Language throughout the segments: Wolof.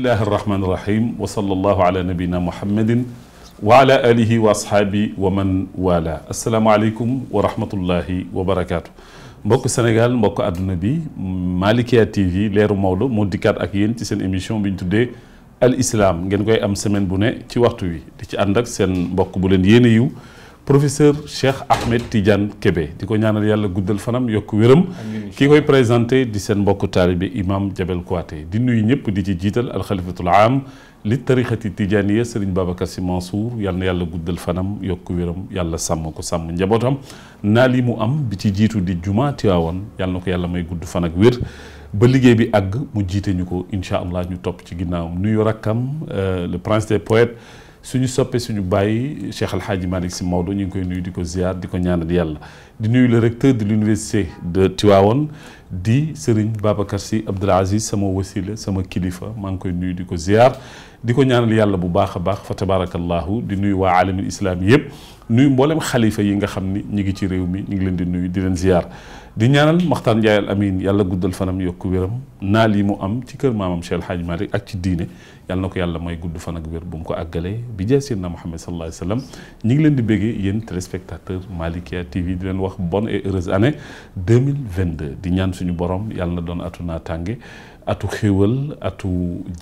الله الرحمن الرحيم وصلى الله على نبينا محمد وعلى آله وأصحابه ومن والاه السلام عليكم ورحمة الله وبركاته مكو سنغال مكو أدنبي بي مالكيا تيفي لير مولو موديكات أكيين تي سن إميشون بين تودي الإسلام جنكوي أم سمين بوني تي وقتوي تي أندك سن مكو بولين ينيو professeur Cheikh Ahmed Tidiane kebe di ko ñaanal yàlla guddal fanam yokk wéram ki koy présenté di seen mbokku taalibe imam Jabel Kouaté di nuyu ñëpp di ci jiital alxalifatul am li tarixati tijaaniya Serigne Babacar Sy Mansour yal na yàlla guddal fanam yokk wéram yàlla sàmm ko sàmm njabootam naa lii mu am bi ci jiitu di juma Tiwaawan yal na ko yàlla may gudd fan ak wér ba liggéey bi àgg mu jiite ñu ko incha allah ñu topp ci ginnaawam nuyu rakkam euh, le prince suñu soppe suñu bàyyi Cheikh Al Hadji Malick Sy Maodo ñu koy nuyu diko ziar diko ko ñaanal yàlla di nuyu le recteur de l'université de Tivaouane di Serigne Babacar si Abdoul Aziz sama wasila sama kilifa ma ngi koy nuyu diko ziar diko ko ñaanal yàlla bu baax a baax fa tabarakallah di nuyu wa alamin islam yeb nuyu mbollem khalifa yi nga xamni ni ngi ci rew mi ñi ngi leen di nuyu di leen ziar. di ñaanal Maxtaan Ndiaye al Amin yàlla guddal fanam yokku wéram naa lii mu am ci kër maamam Cheikh El Hadj Malick ak ci diine yàlla na ko yàlla may gudd fan ak wér bu mu ko àggalee bi jaay seen na Muhammad sallallahu alayhi wa ñu ngi leen di béggee yéen téléspectateurs Malikia TV di leen wax bonne et heureuse année 2022 di ñaan suñu borom yàlla na doon atu naa tànge atu xéwal atu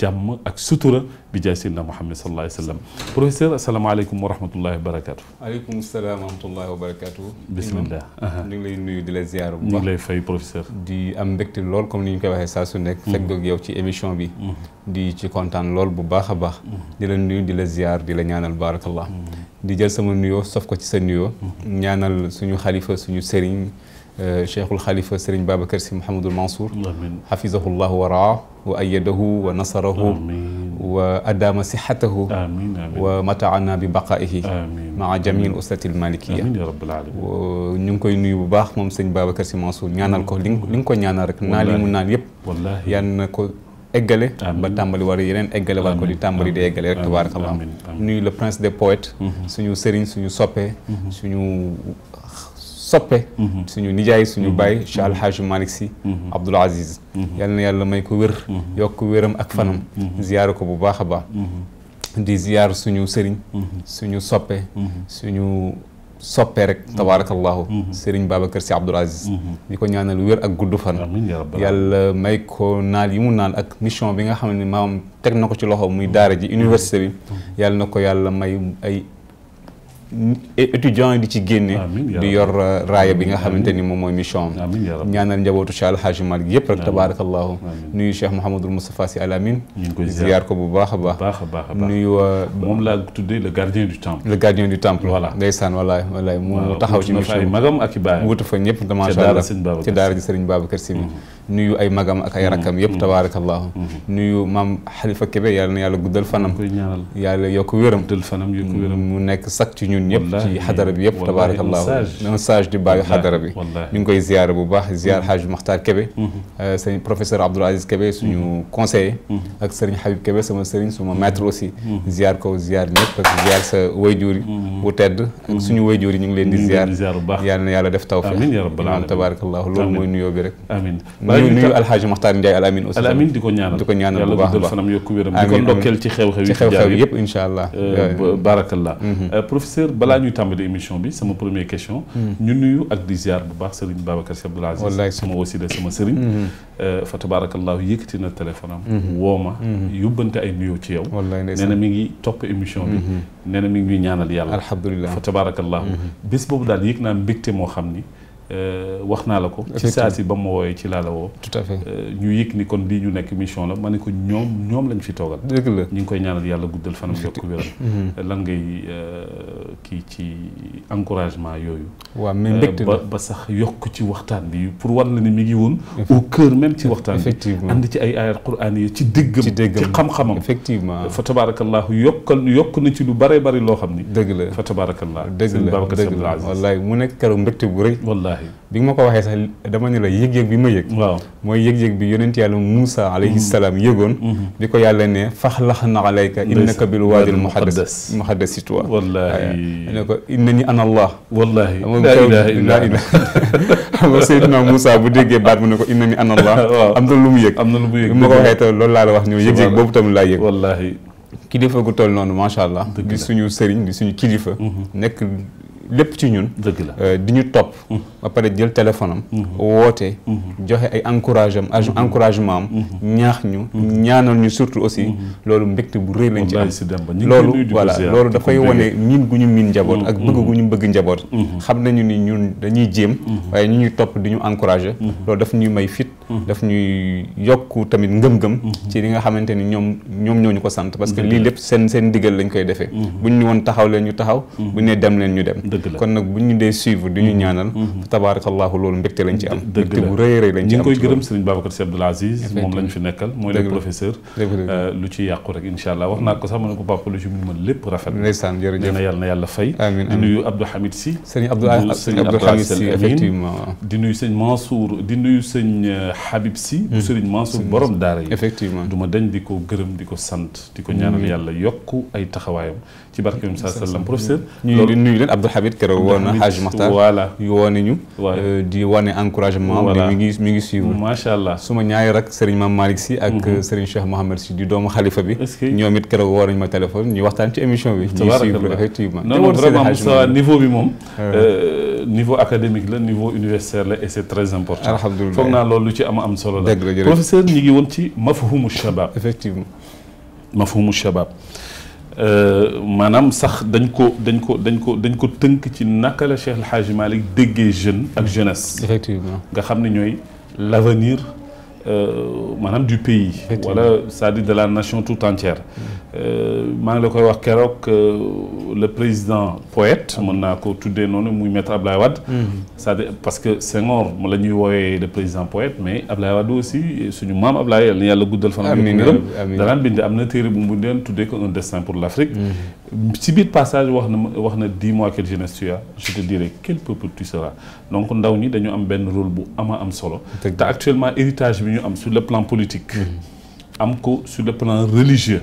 jam ak sutura bi jaay sidna Muhammad sallallahu alayhi wasallam professeur assalamu alaykum wa rahmatullahi wa barakatuh alaykum assalam wa rahmatullahi wa barakatuh bismillah ñu ngi lay nuyu di la ziar bu baax ngi lay fay professeur di am mbégte lol comme ni koy waxé sa su nek fek dog yow ci émission bi di ci contane lol bu baax a baax di la nuyu di la ziar di la ñaanal barakallah di jël sama nuyoo sof ko ci sa nuyoo ñaanal suñu khalifa suñu serigne شيخ الخليفة سرين بابا كرسي محمد المنصور حفظه الله ورعاه وأيده ونصره وأدام صحته ومتعنا ببقائه مع جميع الأسرة المالكية آمين يا رب العالمين ونكوي بو باخ موم سرين بابا كرسي منصور نيانال كو لينكو نيانال رك نالي مو نال ييب والله يان كو eggale ba tàmbali war yeneen eggale war ko di tàmbali di eggale rek tabaarakallah nuyu le prince des poètes suñu sëriñ suñu soppe suñu soppe suñu nijaay suñu bay Cheikh Alhaji malik si abdul Aziz yal na yàlla may ko wér yok wéram ak fanam ziyaare ko bu baakha ba di ziyaar suñu serigne suñu soppe suñu soppe rek tabarakallahu serigne babakar si abdul Aziz diko ñaanal wér ak guddu fan yàlla may ko naal yimu naal ak mission bi nga xamni maam tek nako ci loxo muy daara ji université bi yàlla nako yàlla may ay étudiant di ci génne di yor euh, raaya bi nga xamante ni moom mooy mission am ñaanal njabootu Cheikh Alhaji Malick yëpp rek tabarakallahu nuyu Cheikh Mouhamadul Moustapha Sy Al Amine ziyaar ko bu baax a baax nuyu euh, moom laa tuddee le gardien du temple le gardien du temple voilà ndeysaan walaay walaay mu taxaw ci mission magam ak i baayam wutu fa ñëpp macha allah ci daara ji Serigne Babacar نيو أي مقام أكير كم يب تبارك الله نيو مام حلف كبير يعني يالو قدل فنم يالو يكويرم قدل فنم يكويرم منك سكت نيو يب تي حضر بي يب تبارك الله مساج دي باي حضر بي نيو كي زيار بو باح زيار حاج مختار كبير سيني بروفيسور عبد العزيز كبير سنيو كونسي أكثر حبيب كبير سما سرين سما ماتر أوسي كو زيار نيو بس زيار س ويجوري وتد سنيو ويجوري نيو لين زيار يعني يالو دفتر أمين تبارك الله لول مو نيو بيرك nuyu nuyu alxaaji Maxtaar Ndiaye al amin aussi al amin di ko ñaanal di a baax yàlla ko wéram di ko ndokkeel ci xew-xew yi ci xew-xew yëpp incha allah barakallah professeur balaa ñuy tàmbali émission bi sama première question ñu nuyu ak di ziar bu baax sëriñ Babacar Sy Abdoul Aziz wallaay sama wasila Euh, wax naa la ko. ci saa si ba ma wooyee ci laa la woo. tout fait euh, ñu yëg ni kon lii ñu nekk mission la ma ne ko ñoom ñoom lañ fi toogal. dëgg ñu ngi koy ñaanal yàlla guddal fanam yokk wéram mhm. euh, kii ci encouragement yooyu. waaw mais mbégte ba ba sax yokk ci waxtaan bi pour wan la ni ngi woon. au cœur ci waxtaan bi ci ay ayat quraan yi ci déggam. ci xam-xamam effectivement. fa tabarakallahu yokkal yokk na ci lu bare bari loo xam ni. dëgg la fa tabarakallahu dëgg la mu nekk keroog mbégte bu rëy bi nga ma ko waxee sax dama ne la yëg-yëg bi ma yëg moy yëg-yëg bi yonent yàlla musa alayhi salam yegon bi yàlla ne faxlaxna alayka innaka bil wadi al muhaddas muhaddas tu wallahi ne ko innani ana allah wallahi la ilaha illa allah mo Seydina musa bu dege bat mo ne ko innani ana allah waaw am na lu mu yëg am na lu mu yëg bi ma ko waxee tam loolu laa la wax ñëw yëg-yëg bobu tam la yëg wallahi kilifa gu tol non ma sha allah di suñu serigne di suñu kilifa nek lépp ci ñun. dëgg la euh, di ñu topp. Mm-hmm. ba pare jël téléphone am. Mm-hmm. woote. Mm-hmm. joxe ay encourage am encouragement am. ñaax ñu ñaanal ñu surtout aussi. loolu mbégte bu rëy lañ ci am. loolu voilà loolu dafay wane miin gu ñu miin njaboot. ak bëgg gu ñu bëgg njaboot. xam nañu ni ñun dañuy jéem. waaye ñu ñuy topp di ñu encouragé. loolu daf ñuy may fit. daf ñuy yokk tamit ngëm-ngëm. ci li nga xamante ni ñoom ñoom ñoo ñu ko sant. parce que lii lépp seen seen diggal lañ koy defee. buñ ñu woon taxaw leen ñu taxaw. buñ ne dem leen ñu dem. kon nag bu ñu dee suivre du ñu mhm. ñaanal mhm. tabaarakallahu loolu mbégte lañ ci am mbégte bu rëy rëy lañ ci am ñu ngi koy gërëm sëriñ Babacar Sy Abdoul Aziz moom lañ fi nekkal mooy le professeur euh, lu ci yàqu rek insha allah wax naa ko sax ma ne ko papa lu ci mu mën lépp rafet ndeysaan jërëjëf na yàlla na yàlla fay di nuyu Abdou Hamid Sy sëriñ Abdou Hamid Sy effectivement di nuyu sëñ Mansour di nuyu sëñ euh, Habib Sy bu hmm. sëriñ Mansour borom daara yi effectivement du ma dañ di ko gërëm di ko sant di ko ñaanal hmm. yàlla yokk ay taxawaayam تبارك الله صلى الله عليه وسلم بروفيسور لولو نوي لين عبد الحميد كرو نعم. وانا حاج مختار فوالا يواني نيو أه، دي واني انكوراجمون دي ميغي ميغي سيو ما شاء الله سوما نياي راك سيرن مام مالك سي اك سيرن شيخ محمد سي دي دوم خليفه بي نيوميت كرو وارن ما تليفون ني وقتان تي اميشن بي تبارك الله effectivement نو فريمون سو نيفو بي موم نيفو اكاديميك لا نيفو يونيفرسيتير لا اي سي تريز امبورطون الحمد لله فوقنا لولو تي ام ام سولو بروفيسور نيغي وون تي مفهوم الشباب effectivement مفهوم الشباب Euh, manam sax dañ ko dañ ko dañ ko dañ ko teunk ci naka la Cheikh El Hadj Malick déggee jeune ak jeunesse. effectivement nga xamni ñoy l'avenir euh manam du pays. wala c'est-à-dire de la nation tout entière suis euh, le la koy euh, le président poète monaco mm-hmm. parce que la le président poète mais aussi un destin pour l'Afrique. ci mm-hmm. biir passage jeunesse tu je te dirai quel peuple tu seras donc rôle ama am solo. actuellement héritage sur le plan politique. Mm-hmm. am sur le plan religieux.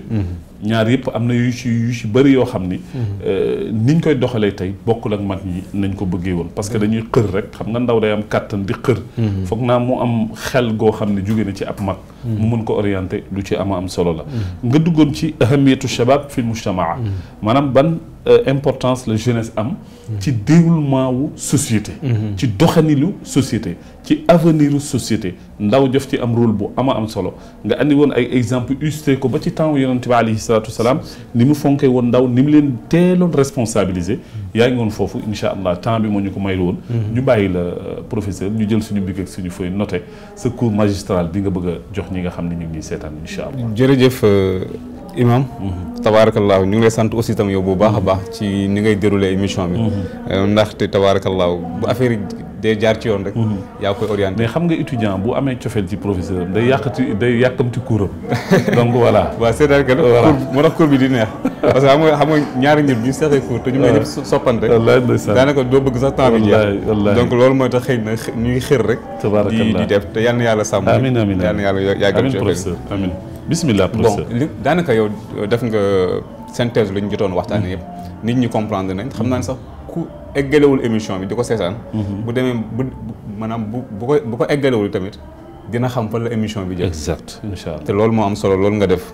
ñaar yëpp am na yu ci yu ci bëri yoo xam ni. Mhm. Euh, niñ koy doxalee tey bokkul ak mag ñi nañ ko bëggee woon parce que dañuy xër rek xam nga ndaw day am kàttan di xër. Mhm. foog naa mu am xel goo xam ne jóge na ci ab mag. Mhm. mu mën ko orienté lu ci ama am solo la. nga duggoon ci ahamiyatu shabab fi mujtamaa maanaam ban. Euh, importance la jeunesse am ci déroulement mhm. la société ci la société ci la société ndaw de am rôle bu ama am solo nga andi won ay exemple ko ba ci temps bi alayhi salam qui ndaw responsabiliser temps bi ko mhm. ñu euh, professeur ñu jël suñu de ak suñu feuy noté magistral bi nga bëgg jox ñi imam mhm. tabaarakallaahu ñu ngi lay sant aussi tam yow bu baax a baax ci ni ngay déroulé émission bi mhm. euh, ndaxte tabaarakallaahu bu affaire yi day jaar ci yoon rek mhm. yaa koy orienté mais xam nga étudiant bu amee cofeel ci professeur am day yàq ci day yàkkamti kuuram donc voilà waaw c'est-à-dire moo tax cours bi di neex parce que xam nga xam nga ñaari nit ñu seqee cours te ñu ngi ñëpp soppante daanaka doo bëgg sax temps donc loolu mooy tax xëy na ñu ngi xër rek di def te yal na yàlla sàmm amiin amiin yal na yàlla yàggal ci amiin professeur bismillah professeur bon daanaka yow euh, def nga euh, synthèse la ñu jotoon waxtaanee yëpp nit ñi comprendre nañ xam naa ne sax ku eggalewul émission bi di ko seetaan. Mhm. bu demee bu maanaam bu bu ko bu ko eggalewul tamit dina xam fan la émission bi jël. exact incha allah te loolu moo am solo loolu nga def.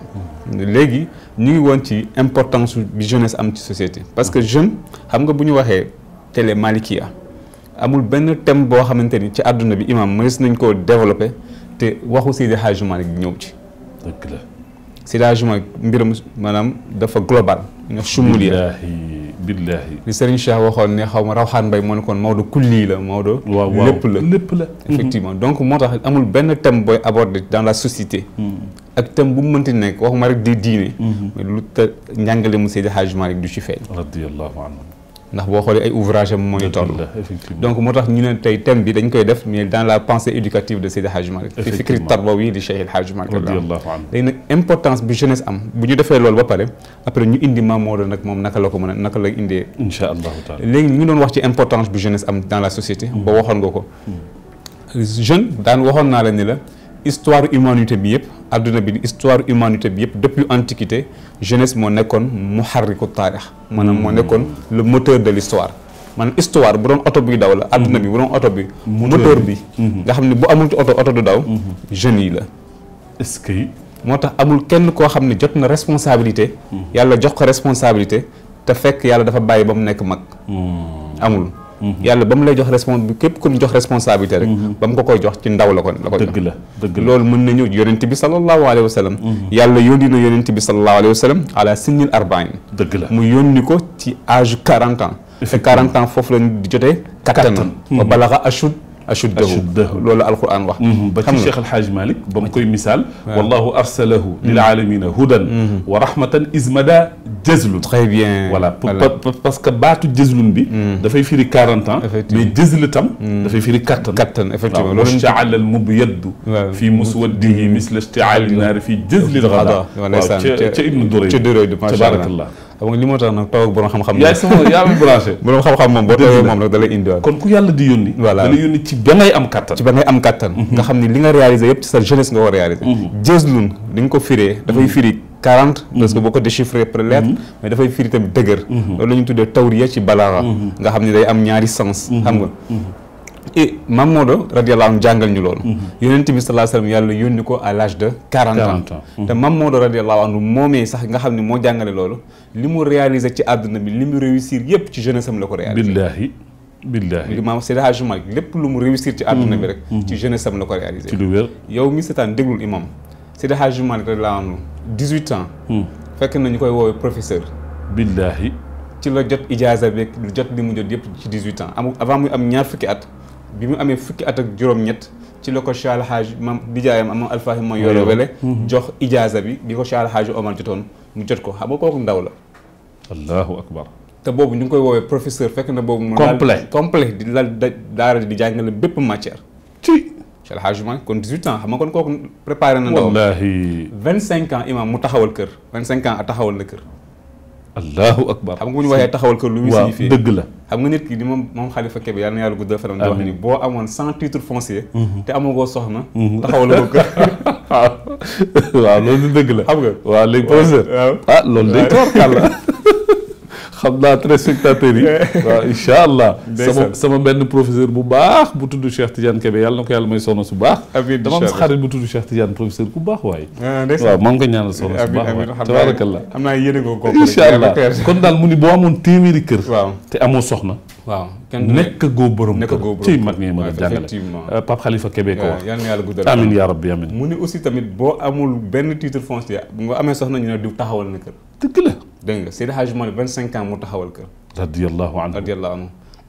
léegi ñu ngi woon ci importance bi jeunesse am ci société parce que jeune xam nga bu ñu waxee télé Malikia amul benn thème boo xamante ni ci àdduna bi imam mënees nañ koo développé te waxu Seydi Hadji Malick ñëw ci. dëgg la séddage mooy mbirum maanaam dafa global. ñoo sumul ya billahi li Serigne Cheikh waxoon ne xaw ma rawxaan mbay moo ne kon Maodo kulli la Maodo. waaw lépp la lépp la. effectivement donc moo tax amul benn thème booy abordé dans la société. ak thème bu mu mënti nekk waxuma rek di diine. mais lu te njàngale mu Seydi Hadj Malick du ci feeñ. radiyallahu anhu ndax bo xolé ay ouvrage am moy toll donc motax ñu ne tay thème bi dañ koy def mais dans la pensée éducative de Seydi Hadj Malik fi fikri tarbawi li Cheikh Hadj Malik Hadj Malick léegi nag importance bi jeunesse am bu ñu defé lool ba pare après ñu indi ma Maodo nak mom naka la ko mën naka la indé incha allahu taala légui ñu doon wax ci importance bi jeunesse am dans la société ba waxon nga ko jeune daan waxon na la ni la histoire humanité bi yëpp adduna bi histoire humanité bi yëpp depuis antiquité jeunesse moo nekkoon muharriku taarix maanaam moo hmm. nekkoon le moteur de l'histoire maanaam histoire bu doon oto buy daw la adduna bi bu doon oto bi moteur bi hmm. nga xam ne bu amul ci oto oto du daw hmm. jeunes yi la est moo tax amul kenn koo xam ne jot na responsabilité yàlla jox ko responsabilité te fekk yàlla dafa bàyyi ba mu nekk mag amul Mm-hmm. yàlla ba mu lay jox respons képp ku mu jox responsabilité rek mm-hmm. ba mu ko koy jox ci ndaw la ko la ko dëgg la dëgg la loolu mën nañu yonent bi sallallahu alayhi wa mm-hmm. yàlla yónni na bi sallallahu alayhi wa sallam ala sinnil dëgg la mu yónni ko ci âge 40 ans te 40 ans foofu lañ di jotee kattan ba balaxa ashud أشده, أشده. لولا القرآن واحد بكي شيخ الحاج مالك بمكوي مثال نعم. والله أرسله للعالمين هدى ورحمة إذ مدى جزل تخي بيان ولا باسكو باتو جزل بي دا فاي فيري 40 ان مي جزل تام دا فاي فيري 40 كابتن افكتيفو لو في مسوده مثل اشتعال النار في جزل الغضب تبارك الله xam nga li moo tax nag toog ak borom xam-xam. yaay sama yaa xam moom nag da indiwaat. kon ku yàlla di yónni. ci ba ngay am kattan. ci ba ngay am kattan. Mhm. nga xam ni li nga réalisé yëpp ci sa jeunesse nga war a réalisé. Mhm. jëzlun li nga ko firee. dafay mhm. firi. 40 parce boo ko déchiffré par mais dafay firi tamit dëgër. loolu ñu tuddee tawriya ci balaaxa. nga xam ni day am ñaari sens. xam nga. et eh, Mame Maodo radiyallahu anhu jàngal ñu loolu mhm. yonent bi sallallahu alayhi wa sallam yàlla ko à l'âge de quarante ans te Mame sax nga xam ne moo jàngale loolu li mu réalisé bi li mu réussir yépp ci jeunesse am la ko lu mu réussir ci àdduna bi mhm. rek mhm. ci jeunesse am la ko réalisé ci lu wér yow mi seetaan déglul imam Seydi Hadji Malick radiyallahu dix-huit ans hmm. fekk na ñu koy woowee professeur billaahi ci la jot ijaaza beeg lu jot li mu jot yépp ci dix-huit ans am avant muy am ñaar fukki at bi mu amee fukki atak ak juróom-ñett ci la ko Cheikh Alhaaj mam nijaayam am alfaahi mooy yore wele mhm. jox ijaaza bi bi ko Cheikh omal jotoon mu jot ko xam nga kooku ndaw la allahu akbar te boobu ñu ngi koy woowee professeur fekk na boobu mu complet complet di lal daara di jàngale bépp matière ci Cheikh Alhaaj Omar kon 18 ans xam nga kon kooku préparé na ndaw wallaahi vingt cinq ans imam mu taxawal kër vingt cinq ans a taxawal na kër الله اكبر خم نقول وهي تخول كل ميسي في دغ لا خم نيت كي ديما موم خليفه كيب يالنا يالو غدا فلام دي وخني بو امون سان تيتر فونسي تي اموغو سخنا تخول لوك واه لول دغ لا خم واه لي بوزر اه لول دي توركال xam naa téléspectateurs yi waaw incha allah sama benn professeur bu baax bu tudd Cheikh Tidiane Kébé yàlla na ko yàlla may soxna su baax dama am xarit bu tudd Cheikh Tidiane professeur bu baax waaye ah, waaw maa ngi ko ñaanal soxna su baax waaye tabaarakallah xam naa yéene ko ko incha allah kon daal mu ni boo amoon téeméeri kër te amoo soxna waaw kenn nekk goo borom kër ci mag ñee mën a jàngale Pape Khalifa Kébé ko wax yàlla yàlla guddal amin yaa rabbi amin mu ne aussi tamit boo amul benn titre foncier bu nga amee soxna ñu ne diw taxawal na kër dëgg la dégg nga Seydi Hadji Malick vingt cinq ans mu taxawal kër radiallahu anhu radiallahu anhu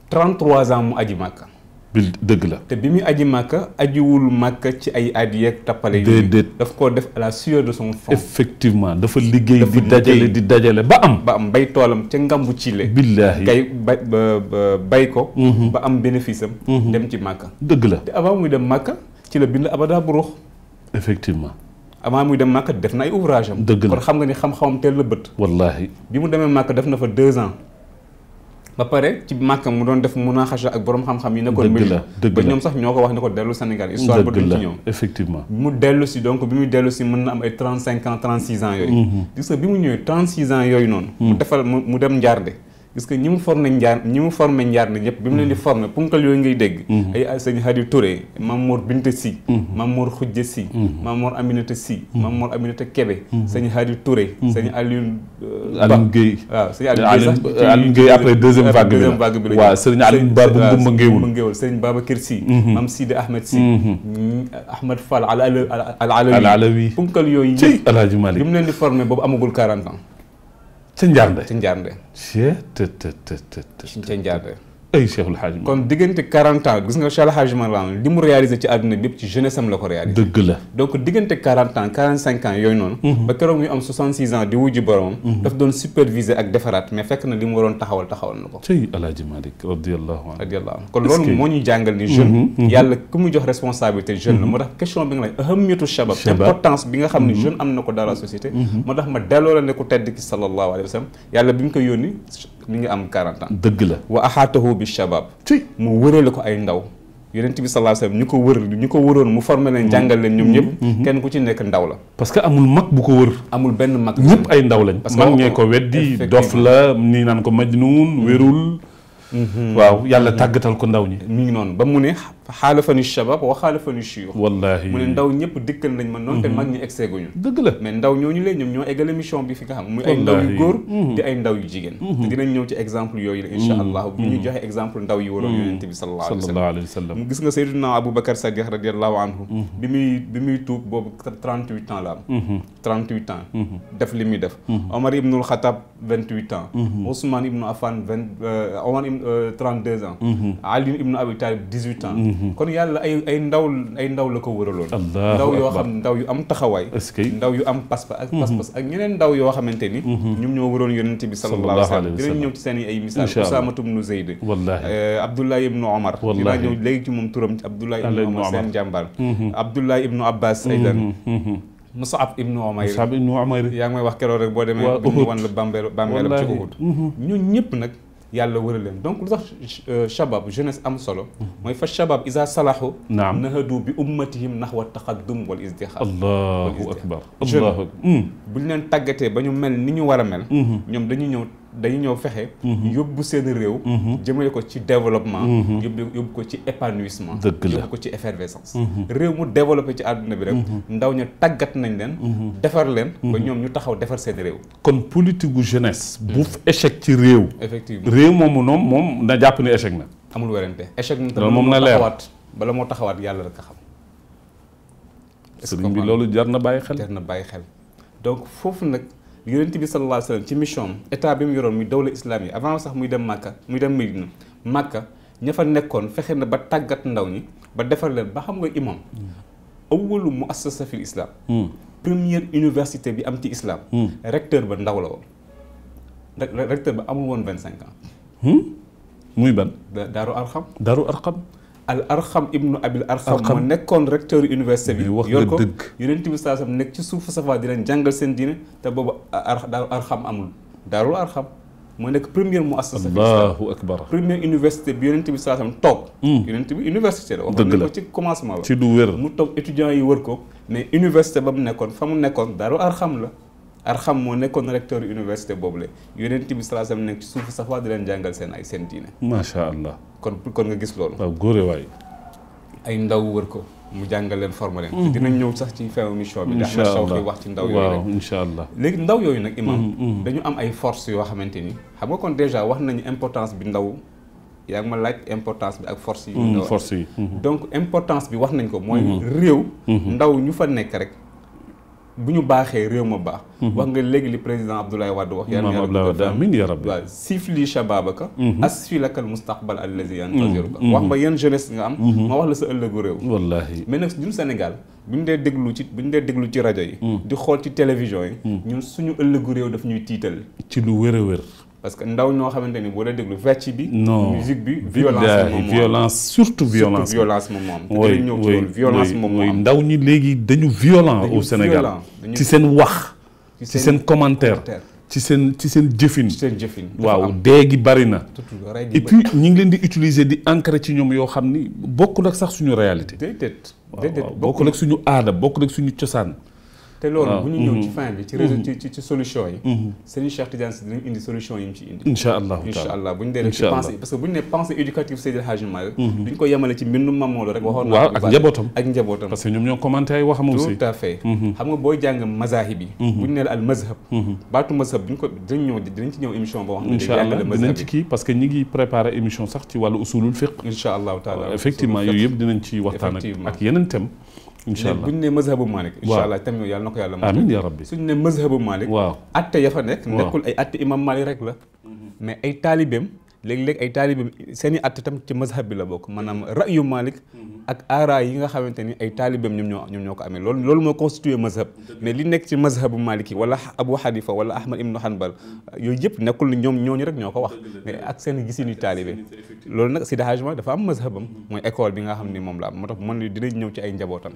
33 ans mu aji màkka dëgg la. te bi muy aji màkka ajiwul màkka ci ay yi. daf def la de son front. effectivement dafa liggéey di di ba am. bay ci le. kay bay ko. Mhm. ba am bénéfice mhm. dem ci màkka. dëgg la avant muy dem màkka ci la bind abada bu effectivement. avant muy dem màkka def na ay ouvrage kon xam nga ni xam la bi mu def na fa deux ans. ba pare ci màkk mu doon def munaaxasha ak borom xam-xam yi nekkoon mbir ba ñoom sax ñoo ko wax ne ko dellu Sénégal histoire ba duñ ci ñëw mu dellu si donc bi muy dellu si mën na am ay trente cinq ans trente ans yooyu mm-hmm. gis nga bi mu ñëwee trente six ans yooyu noonu mu mm-hmm. defal mu dem njaarde parce que ñi mu formé njaar ñi mu formé njaar na ñëpp bi mu leen di mm-hmm. formé punkal yooyu ngay dégg mm-hmm. ay sëñ Hadi Touré Mamour Binta Sy mm-hmm. Mamour Khoudia Sy Mamour Aminata Sy Mamour Aminata Kébé sëñ Hadi Touré euh, sëñ Alioune Alioune Guèye waaw sëñ Alioune Guèye sax Alioune Guèye après deuxième vague bi la waaw sëñ Alioune Baba Mbumba Ngéewul sëñ Babacar mm, Al Alawi punkal yooyu ñëpp bi mu leen di formé boobu amagul 40 ans ca Ndiarndé ca Ndiarndé. ca Ndiarndé. اي شيخ الحاج كون ديغنت 40 عام غيس نغ شال الحاج مان لام ديمو رياليزي تي ادنا بيب تي جينيسام لاكو رياليزي دغ لا دونك ديغنت 40 عام 45 عام يوي نون با كيرو مي ام 66 عام دي وجي بروم داف دون سوبرفيزي اك ديفرات مي فك نا ديمو رون تخاول تخاول نكو تي الحاج مالك رضي الله عنه رضي الله عنه كون لون مو ني جانغال ني جون يالا كومو جوخ ريسبونسابيلتي جون مو داف كيسيون بيغ لا اهميتو شباب امبورطانس بيغا خا ني جون ام نكو دار لا سوسيتي مو داف ما دالو نكو تيد كي صلى الله عليه وسلم يالا بيم كو يوني mi am 40 ans. dëgg la wa axaatahu bi shabab. ci mu wërale ko ay ndaw. yonent bi sallallahu alayhi wasallam ñu wër ñu ko mu formé leen jàngal leen ñoom ñëpp kenn ku ci nekk ndaw la parce que amul mag bu ko wër amul benn mag ñëpp ay ndaw lañ mag ñee ko weddi dof la nii naan ko majnuun wérul waaw yàlla tàggatal ko ndaw ñi mi ngi noonu ba mu ne فحالفني الشباب وخالفني الشيوخ والله من داو نيب ديكل نان ما نونت ما ني اكسيغو ني دغ لا مي داو ньоني لي ньоم ньо ايغال ميشن بي فيغا خام مي اي داو غور دي اي داو جيجن دي نان نيو تي اكزامبل يوي ان شاء الله بي ني جوخي اكزامبل داو يي ورون يونتي بي صلى الله عليه وسلم غيس nga سيدنا ابو بكر صديق رضي الله عنه بي مي بي مي توك بوب 38 عام لام 38 عام داف لي مي داف عمر ابن الخطاب 28 عام عثمان ابن عفان 20 عمر 32 عام علي ابن ابي طالب 18 عام Mhm. kon yàlla ay ay ndaw ay ndaw la ko wëraloon ndaw yoo xam ndaw yu am taxawaay ndaw yu am mhm. paspas ak ñeneen ndaw yoo xamante ni mhm. ñoom ñoo wëroon yonente bi sallallahu alayhi wa sallam dinañ ñëw ci seen ay misaal eh, ñëw léegi ci moom turam Abdullahi ibnu Omar seen ibnu Abbas aydan Mus'ab ibnu Umayr yaa ngi wax keroog rek boo demee ñu wan la bàmbeelam ci Uhud ñun ñëpp nag يالله ورلهم دونك لو شباب جنس ام صلو موي فالشباب اذا صلحوا نعم. نهدوا بامتهم نحو التقدم والازدهار الله اكبر الله اكبر تاغاتي با نيو مل ني نيو ورا مل نيوم دا نيو dañu ñëw fexe. Mhm. yóbbu seen réew. Mhm. jëmale ko ci développement. Mhm. yóbbu ko ci épanouissement. dëgg la yóbbu ko ci effervescence. réew mu développé ci àdduna bi rek. ndaw ñu tàggat nañ leen. defar leen. ba ñoom ñu taxaw defar seen réew. kon politique jeunesse. bu échec ci réew. effectivement réew moom noom moom na jàpp ne échec na. amul werante échec na tamit moom na leer bala moo taxawaat yàlla rek ka xam. sëriñ bi loolu jar na bàyyi xel jar na bàyyi xel donc foofu nag. yonent bi sallallahu alayhi wa sallam ci mission am état bi mu yoroon muy dawla islam yi avant sax muy dem Màkka muy dem Médina Màkka ña fa nekkoon fexe na ba tàggat ndaw ñi ba defar leen ba xam nga imam awwalu mu assasa fil islam première université bi am ci islam recteur ba ndaw la woon recteur ba amul woon vingt cinq ans muy ban daaru arxam daaru arxam الأرخم ابن أبي الأرخم أرخم. من نكون ركتور إنفاستي بي يوركو يرنتي بساسم نكتي سوف سفا دينا جنجل سين دينا تبوب أرخم أمل دارو الأرخم من نك بريمير مؤسسة الله أكبر بريمير إنفاستي بي يرنتي بساسم توك يرنتي بي إنفاستي دينا دقلا تي كماس مالا تي دوير مو توك إتجان يوركو ني إنفاستي بام نكون فام نكون دارو أرخم له arxam moo nekkoon recteur université boobule yonent bi salaa sallam nekk ci suufu safa di leen jàngal seen ay seen diine. macha allah kon kon nga gis loolu. waaw góore waay. ay ndaw wër ko mu jàngal leen former leen. Mhm. dinañ ñëw sax ci fin mission bi. incha allah ndax wax ci ndaw yooyu rek waaw léegi ndaw yooyu nag. imam mhm, mhm. dañu am ay force yoo xamante ni. xam nga kon déjà wax nañu importance bi ndaw. yaa ngi ma laaj importance bi ak force yi. force yi donc importance bi wax nañ ko. mooy réew. ndaw ñu fa nekk rek. bu ñu baaxee réew ma baax. Mhm. wax nga léegi li président Abdoulaye Wade wax. yàlla na yàlla def amiin yaa rabbi waaw sifli shababaka. Mhm. asfilaka al mustaqbal allazi yantaziruka mhm. wax ma yan jeunesse nga am. ma wax la sa ëllëgu réew. wallaahi mais nag ñun senegal bu ñu dee déglu ci bu ñu dee déglu ci rajo yi. di xool ci télévision yi. ñun suñu ëllëgu réew daf ñuy tiital. ci lu wér a wér. parce que ndaw ñoo xamante ni boo dee déglu fecc bi. non musique bi violence moom violence surtout violence. surtout violence moom moom. mooy mooy violence moom mooy ndaw ñi léegi dañu violent au Sénégal ci seen wax. ci seen commentaire ci seen ci seen jëfin. waaw dee gi bari na. et puis ñi ngi leen di utiliser di ancrer ci ñoom yoo xam ni bokkul ak sax suñu réalité. déedéet déedéet bokkul ak suñu aada bokkul ak suñu cosaan. te loolu bu ñu ñëw ci mm-hmm. fin ci réseau mm-hmm. ci ci yi mm-hmm. Serigne Cheikh Tidiane Sy indi solution yi ci indi incha allah bu ñu dee ci mbindum Mame Maodo rek waxoon naa ak njabootam ak njabootam parce que ñoom ñoo commenté ay waxam nga booy jàng mazahib yi bu ñu ne la al mazhab baatu mazhab duñ ko dinañ ñëw dinañ ci ñëw émission boo xam ne incha allah dinañ ci kii parce que ñi ngi préparé émission sax ci wàllu usulul fiqh incha allah taala effectivement yooyu yëpp dinañ ci waxtaan ak ان شاء الله بني مذهب مالك ان شاء الله تميو يال نكو يالا امين يا ربي سني مذهب مالك واو اتي يا فا نيك نيكول اي اتي امام مالك رك لا مي اي طالبيم léeg-léeg ay taalibe seen i at tam ci mazhab bi la bokk maanaam rayu Malik ak aara yi nga xamante ni ay taalibeem ñoom ñoo ñoom ñoo ko amee loolu loolu moo constitué mazhab mais li nekk ci mazhabu Malik yi wala Abu Hanifa wala Ahmad ibnu Hanbal yooyu yëpp nekkul ni ñoom ñooñu rek ñoo ko wax mais ak seen gisinu taalibe loolu nag si dahagement dafa am mazhabam mooy école bi nga xam ni moom la am moo tax man dinañ ñëw ci ay njabootam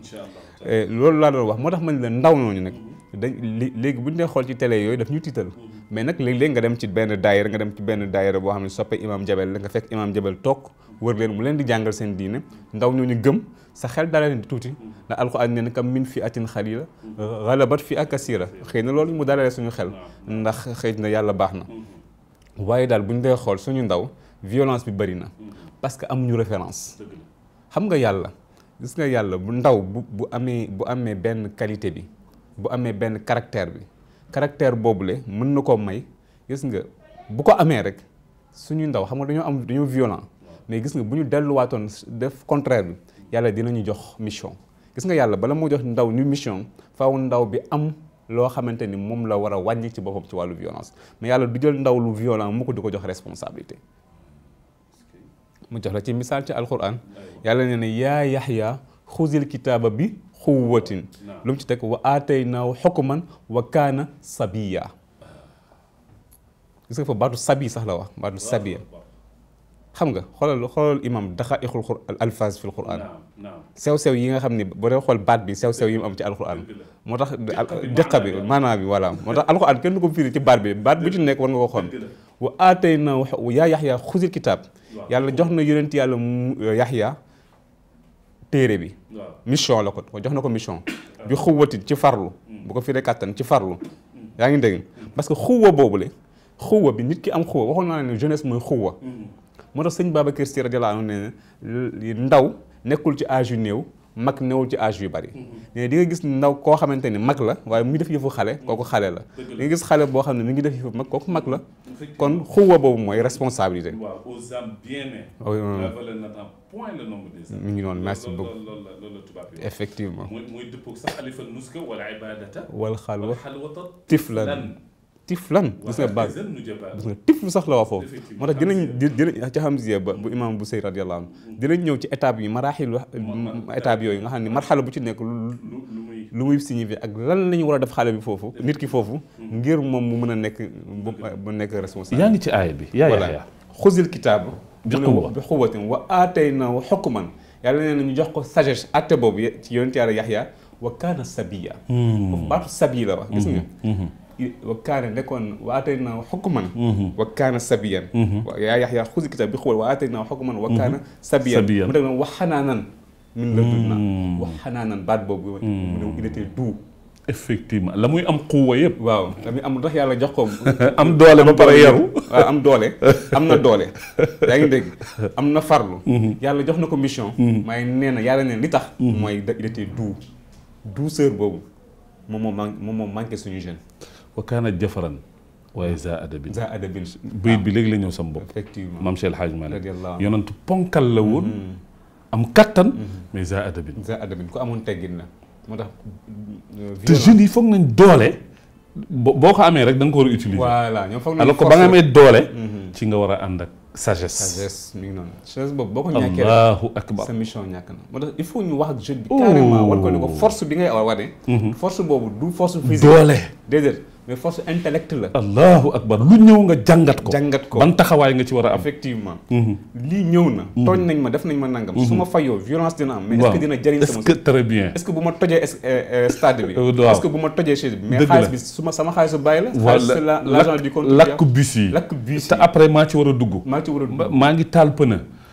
loolu laa doon wax moo tax man la ndaw ñooñu nag dañ léegi bu ñu dee xool ci télé yooyu daf ñu tiital mais nag léeg-léeg nga dem ci benn daayira nga dem ci benn daayira boo xam ne soppe imaam jabel la nga fekk imaam jabel toog wër leen mu leen di jàngal seen diine ndaw ñooñu gëm sa xel dala leen di tuuti ndax alxuraan nee na kam min fi atin xalila galabat fi akasira xëy na loolu mu dalalee suñu xel ndax xëy na yàlla baax na waaye daal bu ñu dee xool suñu ndaw violence bi bëri na parce que amuñu référence xam nga yàlla gis nga yàlla bu ndaw bu bu amee bu amee benn qualité bi bu amee benn caractère bi boobu le mën na koo may gis nga bu ko amee rek suñu ndaw xam nga dañoo am dañoo violent mais gis nga bu ñu delluwaatoon def contraire bi yàlla dinañu jox mission gis nga yàlla bala moo jox ndaw ñu mission faaw ndaw bi am loo xamante ni moom la war a wàññi ci boppam ci wàllu violence mais yàlla du jël ndaw lu violent mu ko di ko jox responsabilité mu jox la ci misaal ci alquran yàlla nee na yaa yaxya xusil kitaaba bi قوة لم تتك وآتيناه حكما وكان صبيا gis nga fa baatu sabi sax la wax baatu sabiya xam nga xoolal xoolal imam daxaa'iqul alfaaz fi alquran sew sew yi nga xam ne boo dee xool baat bi sew sew yi mu am ci alquran moo tax dëqa bi maanaam bi voilà moo tax alquran kenn du ko firi ci baat bi baat bu ci nekk war nga ko xool wa aatay na yaa yaxya xusil kitaab yàlla jox na yonent yàlla yaxya téré bi mission la ko jox na ko mission bi xuwati ci farlu hmm. bu ko firee kàttan ci farlu hmm. ya ngi deug hmm. parce que xuwa boobule xuwa bi nit ki am xuwa waxoon na ne jeunesse moy xuwa moo tax sëñ Babacar Si radiyallaahu anhu ne ndaw nekul ci âge yu mak newul ci âge yu bari né di nga gis ndaw ko xamanteni mak la waye mi def yëfu xale koku xale la di nga gis xale bo xamne mi ngi def yëfu mak koku mak la kon xuwa bobu moy responsabilité waaw aux âmes bien nées la valeur n'attend point le nombre des âmes mi ngi noonu merci beaucoup effectivement muy muy dëppoo sax alifal muska wala ibadata wal xalwa xalwata tiflan tif lan gis nga baag gis nga tif sax la waa foofu moo tax dinañ dinañ ca Hamziya ba bu imam bu sey radiyallahu anhu dinañ ñëw ci étape yi maraaxil étape yooyu nga xam ne marxala bu ci nekk lu muy signifié ak lan la ñu war a def xale bi foofu nit ki foofu ngir moom mu mën a nekk bu nekk responsable yaa ngi ci aaya bi yaa yaa xuzil kitaab bi xuwatin wa aataynahu xukman yàlla nee na ñu jox ko sagesse atte boobu ci yonent yàlla yaxya wa kaana sabiya foofu baatu sabi la wax gis nga وكان لكن واتينا حكما وكان سبيا يا يحيى خذ الكتاب بقوه واتينا حكما وكان سبيا وحنانا من لدنا وحنانا بعد بوب il était دو effectivement la muy am quwa yeb waaw la muy am ndax yàlla jox ko am doole ba pare yaru waaw am doole amna na doole yaa ngi dégg am farlu yàlla jox nako mission may neena yàlla neen li tax moy il était doux douceur bobu momo moo manqué suñu jeune وكانت جفرا وزاء ادب زاء ادب بيت بي آه. ليك لا نيو سام بوب مام شي الحاج مالك يونت بونكال لاون ام كاتان مي زاء ادب زاء ادب كو امون تيغينا موتاخ تجيني فوك نان دولي بوكو امي رك دنج كور يوتيليزي فوالا نيو فوك نان الوكو باغا مي دولي شي nga wara andak sagesse sagesse mi non sagesse bob boko ñaké allah akbar sa mission ñak na mo il faut ñu wax jeune bi carrément wal ko ne ko force bi ngay wone force bobu du force physique dolé dédé mais force intellect allahu akbar lu ñew nga jangat ko jangat ko ban taxaway nga ci wara effectivement mhm. li ñew na mhm. togn nañ ma def nañ ma nangam mhm. suma fayo violence dina am mais est ce que dina jariñ sama est ce que très bien est ce que buma toje euh, euh, stade bi euh, est ce que buma toje chez mais xalis bi suma sama xalis bu bay la l'argent du compte lak bus yi lak bus ta après ma ci wara dugg ma ci wara dugg ma ngi tal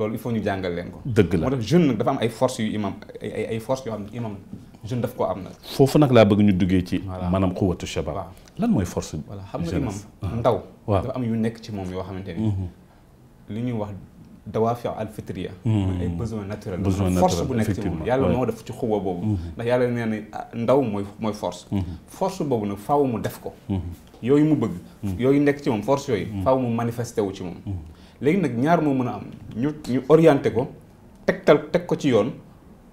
loolu il faut ñu jàngal leen ko. dëgg la moo tax jeune nag dafa am ay force yu imam ay ay force am nag. foofu nag laa bëgg ñu duggee ci. maanaam xuwatu shabab. lan mooy force bi. voilà xam nga imam ah. ndaw. waaw am yu nekk ci moom yoo xamante ni. Mhm. li ñuy wax dawaafi al fitriya. Mhm. ay besoin naturel. besoin naturel force bu nekk ci moom yàlla moo def ci xuwa boobu. Mhm. ndax yàlla nee na ndaw mooy mooy force. force boobu nag faw mu def ko. yooyu mu bëgg. yooyu nekk ci moom force yooyu. faaw mu manifesté wu ci moom. léegi nag ñaar moo mën a am ñu ñu orienté ko tegtal teg ko ci yoon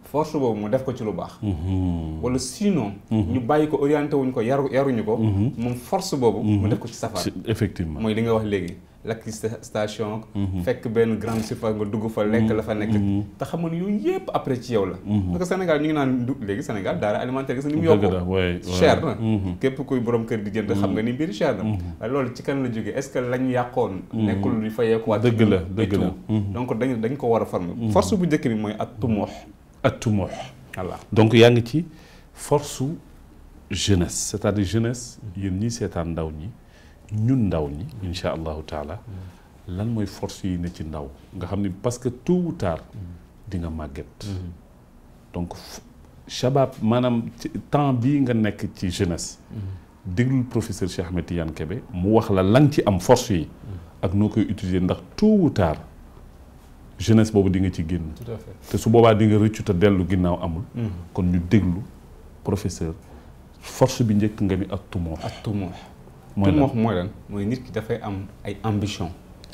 force boobu mu def ko ci lu baax. Mm-hmm. wala sinon. Mm-hmm. ñu bàyyi ko orienté wuñ ko yaru yaruñu ko. Mm-hmm. moom force boobu. mu def ko ci safaan effectivement mooy li nga wax léegi. lakk station. Mhm. fekk benn grande surface nga dugg fa lekk la fa nekk. Mhm. Mhm. te xamoon yooyu yëpp après ci yow la. parce que Sénégal ñu ngi naan léegi Sénégal daara alimentaire gis ni mu yokk képp koy borom kër di jënd xam nga ni mbir cher na. loolu ci kan la jóge est ce que lañ yàqoon. nekkul li fa yeekuwaat. dëgg la dëgg la donc dañ dañ ko war a former. force bu jëkk bi mooy at tumoox. at tumoox. voilà donc yaa ngi ci force jeunesse c'est-à-dire jeunesse yéen ñii seetaan ndaw ñi. ñun ndaw ñi insha allahu taala lan mooy force yi ne ci ndaw nga xam ni parce que tôt ou tard mm. di màgget mm-hmm. donc shabab maanaam temps bii nga nekk ci jeunesse mm-hmm. déglul professeur Cheikh Ahmed Tidiane mu wax la lan ci am force yi mm. ak noo koy ndax tôt ou tard jeunesse boobu di nga ci génn su boobaa di nga rëccu te ginnaaw amul mm-hmm. kon ñu déglu professeur force bi njëkk nga ni ak tumoo mooy lan mooy lan mooy nit ki da fay am ay ambition.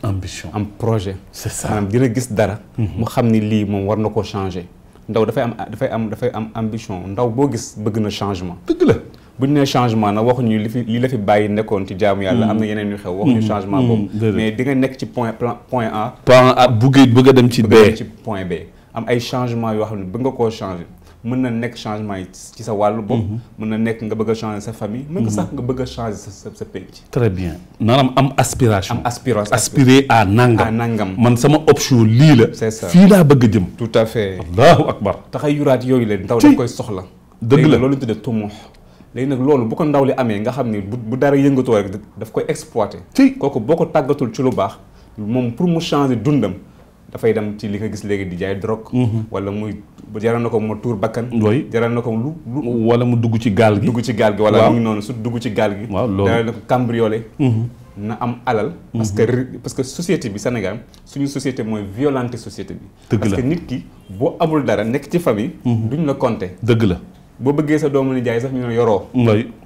ambition am projet. c'est ça maanaam dina gis dara. Mhm. mu xam ni lii moom war nako changer. ndaw da fay am da fay am da fay am ambition ndaw bo gis bëgg na changement. dëgg la buñ né changement na waxuñu ñu li la fi bayyi nekkon ci jaamu yalla am na mhm. yeneen yu xew waxuñu mhm. changement boobu. mais di nga nekk ci point point A. point A bëgg a dem ci B. dem ci point B am ay changement yoo xam ne bëgg nga koo changer mën na nekk changement ci sa wàllu bopp. Mhm. mën na nekk nga bëgg a changer sa famille. mën mhm. sax nga bëgg a changer sa sa sa penc. très bien maanaam am aspiration. am aspiration aspirer à nangam. à nangam man sama option lii la. c'est ça fii laa bëgg a jëm. tout à fait allahu akbar. taxay yuraat yooyu la ndaw da koy soxla. dëgg la loolu ñu tuddee tumux. léegi nag loolu bu ko ndaw li amee nga xam ni bu bu dara yëngatoo rek daf koy exploiter. ci kooku boo ko tàggatul ci lu baax moom pour mu changer dundam dafay dem ci li nga gis léegi di jaay drogue. Mhm. wala muy. bu jaral na ko mu tuur bakkan jaral na ko lu lu wala mu dugg ci gaal gi dugg ci gaal gi wala mu ngi noonu su dugg ci gaal gi jaral na ko cambriolé mhm. na am alal mhm. parce que parce que société bi Sénégal suñu société mooy violente société bi parce nit ki boo amul dara nekk ci famille mhm. duñ la compter dëgg la boo bëggee sa doomu ni jaay sax ñu ne yoroo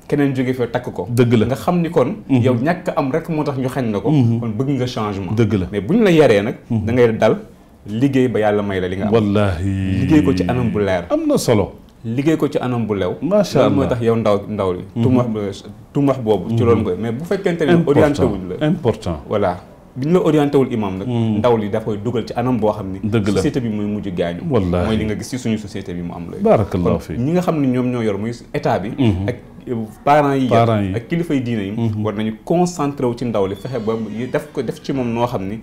keneen jóge fa takk ko dëgg la nga xam ni kon yow ñàkk am rek moo tax ñu xañ na ko kon bëgg nga changement dëgg la mais bu ñu la yaree nag da ngay dal liggéey ba yàlla may la li nga am. ko ci anam bu leer. am na solo. liggéey ko ci anam bu lew. macha allah loolu mooy tax yow ndaw ndaw li. Mhm. tumax tumax boobu. ci loolu nga mhm. mais bu fekkente ne. orienté wuñ important voilà. bi la orienté wul imam nag. Mhm. ndaw li da dugal ci anam boo xam ni. dëgg la société bi muy mujj gaañu. wallaahi mooy li nga gis suñu société bi mu am nga xam ne ñoom ñoo yor muy état bi. ak euh, parents yi. parents yi ak kilifa yi diine yi. war nañu concentré wu ci ndaw li fexe ba def ko def ci moom noo xam ni.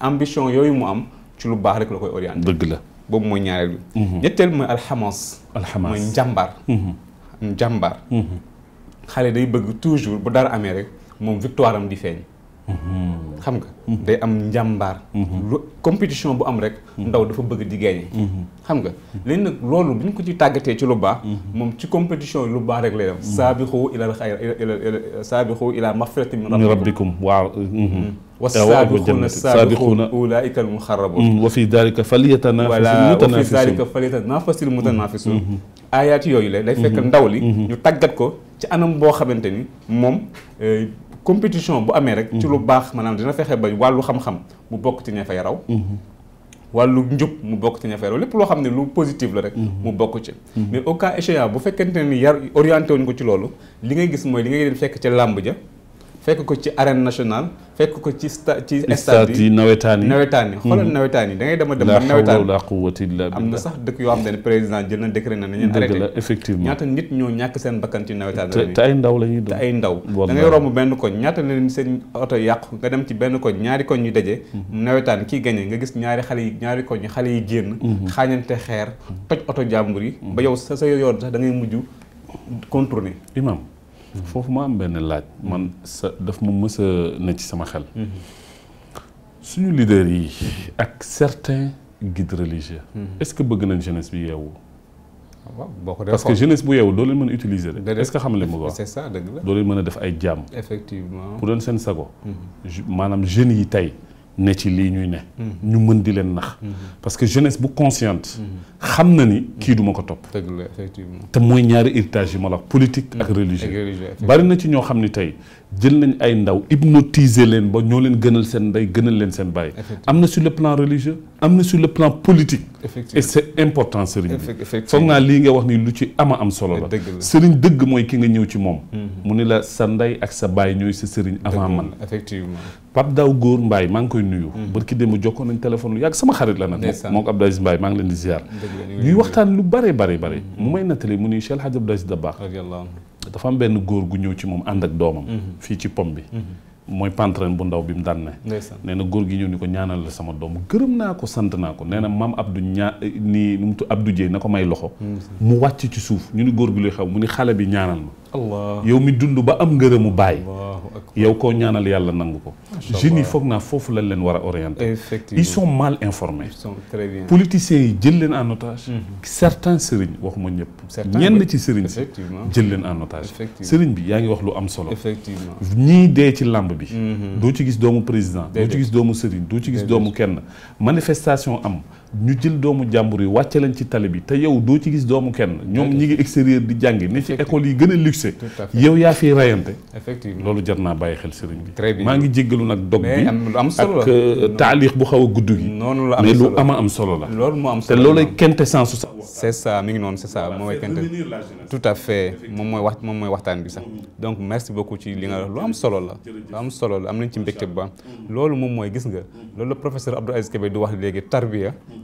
ambition yooyu mu am. ci lu baax rek la koy orienté. bëgg la boobu mooy ñaareel bi. Mhm. ñetteel mooy alxamas. alxamas mooy njàmbaar. Mhm. njàmbaar. Mhm. xale day bëgg toujours bu dara amee rek moom victoire am di feeñ. xam nga. day am njàmbaar. lu compétition bu am rek. ndaw dafa bëgg di gagné. xam nga léegi nag loolu bu ñu ko ci tàggatee ci lu baax. moom ci compétition lu baax rek lay dem. saabixu ilal xayr ila saabixu ila maxfiratin min rabbikum waaw. والسابقون السابقون اولئك المخربون وفي ذلك فليتنافس المتنافسون وفي ذلك فليتنافس المتنافسون ايات يوي لا فيك نداو لي ني تاغات كو تي انام بو خامتيني موم كومبيتيشن بو امي رك تي لو باخ مانام دينا فخي با والو خام خام بو بوك تي نفاي راو والو نجوب مو بوك تي نفاي راو لب لو خامني لو بوزيتيف لا رك مو بوك تي مي اوكا اشيا بو فكنتيني يار اورينتي وني كو تي لولو لي غي غيس موي لي غي ديف فك تي لامبو جا fekk ko ci arène nationale fekk ko ci sta ci stade bi nawetaan yi nawetaan yi xoolal mhm. nawetaan yi da ngay dema dem ba nawetaan la quwwata illa billah am na sax dëkk yoo xam ne président jël na décret na nañu arrêté effectivement nit ñoo ñàkk seen bakkan ci nawetaan te ay ndaw la ñuy doon te ay ndaw da ngay romb benn koñ ñaata leen seen oto yàqu nga dem ci benn koñ ñaari koñ ñu daje mhm. nawetaan kii gañe nga gis ñaari xale yi ñaari koñ xale yi génn mhm. xaañante xeer toj oto jàmbur yi ba yow sa sa yoon sax da ngay mujj contourner imam foofu ma am benn laaj man sa daf ma mës a na ci sama xel mhm. suñu leader yi ak certains guides religieux mhm. est-ce que bëgg nañ jeunesse bi yeewu ah waaw boo parce que jeunesse bu yeewu doo leen mën a utiliser de est-ce que xam leen ma ko wax c'est ça dëgg la doo leen mën a def ay jaam effectivement pour doon seen sago mhm. maanaam jeunes yi tey ne ci que ñuy ne. Mm-hmm. ñu mën di nax. Mm-hmm. parce que jeunesse bu consciente. Mm-hmm. xam na ni duma ko te héritage la politique ak religieux. bari ci ño xamni tay jël nañ ay ndaw hypnotiser leen ba ño leen gënal seen gënal leen seen sur le plan religieux amna sur le plan politique. et c'est important sëriñ bi foog naa lii nga wax ni lu ci ama am solo la sëriñ dëgg mooy ki nga ñëw ci moom mhm. mu ni la sa ndey ak sa baay ñooy sa sëriñ avant man effectivement Pape Daw Góor Mbaye maa ngi koy nuyu dem mhm. démb jokkoon nañ téléphone lu yàgg sama xarit la nag moo ko Abdou Aziz maa ngi leen di ziar ñuy waxtaan lu bare bare bare mhm. mu may nattali mu ni Cheikh Hadj Abdou Aziz Dabakh dafa am benn góor gu ñëw ci moom ànd ak doomam fii ci pom bi mooy pantraine bu ndaw bi mu daan ne nee na góor gi ñëw ni ko ñaanal la sama doom gërëm naa ko sant naa ko nee na maam Abdou ñaa nii nu mu tudd Abdou Dieye na ko may loxo mu wàcc ci suuf ñu ni góor gi luy xew mu ni xale bi ñaanal ma allah yow mi dund ba am ngërëmu baay. yow ko ñaanal yalla nangu ko. jeunes yi foog naa foofu lañ leen wara orienter. ils sont mal informés. ils sont très bien politiciens jël leen en otage. Mhm. certains serigne waxuma ñëpp. ñen ci serigne si jël leen en otage. serigne bi yaa ngi wax lu am solo. effectivement ñii ci lamb bi. Mhm. do ci gis doomu président. do ci gis doomu serigne do ci gis doomu kenn manifestation am. ñu jël doomu jàmbur yi wàcce leen ci tali bi te yow doo ci gis doomu kenn ñoom ñi ngi extérieur di jàngi ne ci école yi gën a luxé yow yaa fiy rayante effectivement loolu jar naa bàyyi xel sëriñ bi maa ngi jéggalu nag dog bi ak euh, taalix bu xaw a gudd gi noonu la mais lu ama am solo la loolu moo am solo te loolay quintessence su sax c'est ça mi ngi noonu c'est ça moom mooy quintessence tout à fait moom mooy wax moom mooy waxtaan bi sax donc merci beaucoup ci li nga wax lu am solo la am solo la am nañ ci mbégte bu baax loolu moom mooy gis nga mm. loolu la professeur Abdou Aziz Kébé di wax léegi tarbiya mm.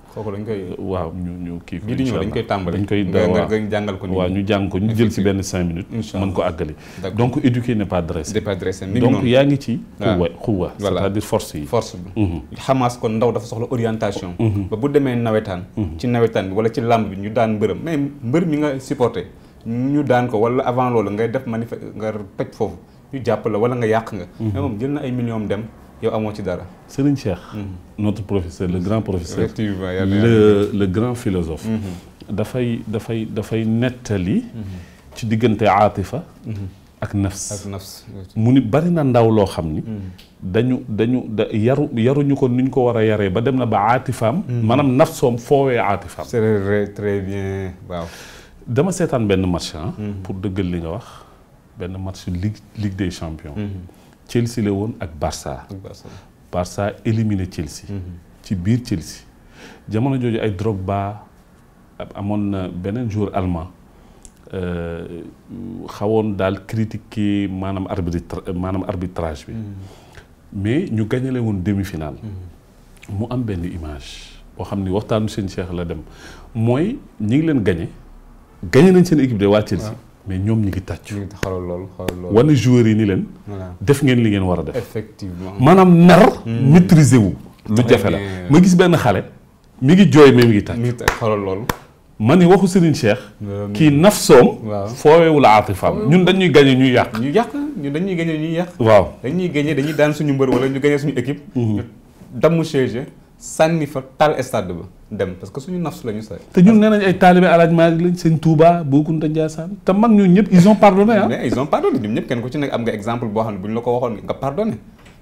kooku dañ koy waaw ñu ñu kii ko incha allah koy tàmbali dañ koy jàngal ko waaw ñu jàng ko ñu jël si benn cinq minutes mën ko àggali donc éduquer n'est yaa ngi ci xuwa ah. xuwa c'est-à-dire force yi force bi xamaas mhm. kon ndaw dafa soxla orientation mhm. ba bu demee nawetaan mhm. ci nawetaan bi wala ci làmb bi ñu daan mbërëm mais mbër mi nga supporté ñu daan ko wala avant loolu ngay def manif nga pej foofu ñu jàpp la wala nga yàq nga mais moom jël na ay millions dem yow amoo ci dara. Serigne Cheikh. Mm-hmm. notre professeur le grand professeur. le le grand philosophe. Mm-hmm. dafay dafay dafay nettali. Mm-hmm. ci diggante aatifa. ak nafs ak nafs. mu ni bari na ndaw loo xam ni. dañu dañu yaru yaruñu ko ni ñu ko war a yaree ba dem na ba aatifaam. maanaam nafsoom foowee aatifaam. c'est très bien waaw. dama seetaan benn match ah. pour dëggal li nga wax benn match ligue ligue des champions. Chelsea la woon ak Barça. Barça éliminé Chelsea. Mhm. ci biir Chelsea. jamono jooju ay Drogba amoon na beneen joueur allemand euh, xawoon daal critiquer maanaam arbitre maanaam arbitrage bi. Mhm. mais ñu gañale woon demi final mhm. mu am benn image boo xam ni waxtaanu seen Cheikh la dem mooy ñi ngi leen gañe gañe nañ seen équipe de waa Chelsea. mais ñom ñi ngi tàcc. ñi taxalol xoolal lool xoolal lool. wala joueur yi ni len def ngeen li ngeen wara def. effectivement manam mer maîtriser wu. lu jafe la ma gis ben xale. mi ngi joy mi ngi tàcc. ñi taxalol tàcc xoolal lool. ma waxu Serigne Cheikh. kii nafsoom. waaw la aatifaam ñun dañuy gagné ñuy yàq. ñu yàq ñu dañuy gagné ñuy yàq. waaw dañuy gagné dañuy daan suñu mbeur wala ñu gagné suñu équipe. ñu damu damm sànni fa taal stade ba dem parce que suñu nafs la ñu sa te ñun nee nañ ay taalibe alaaj Maalik lañ sëñ Touba Boukounta Ndiassane te mag ñun ñëpp ils ont ah. am nga exemple boo xam ne bu ñu la ko waxoon nga pardonné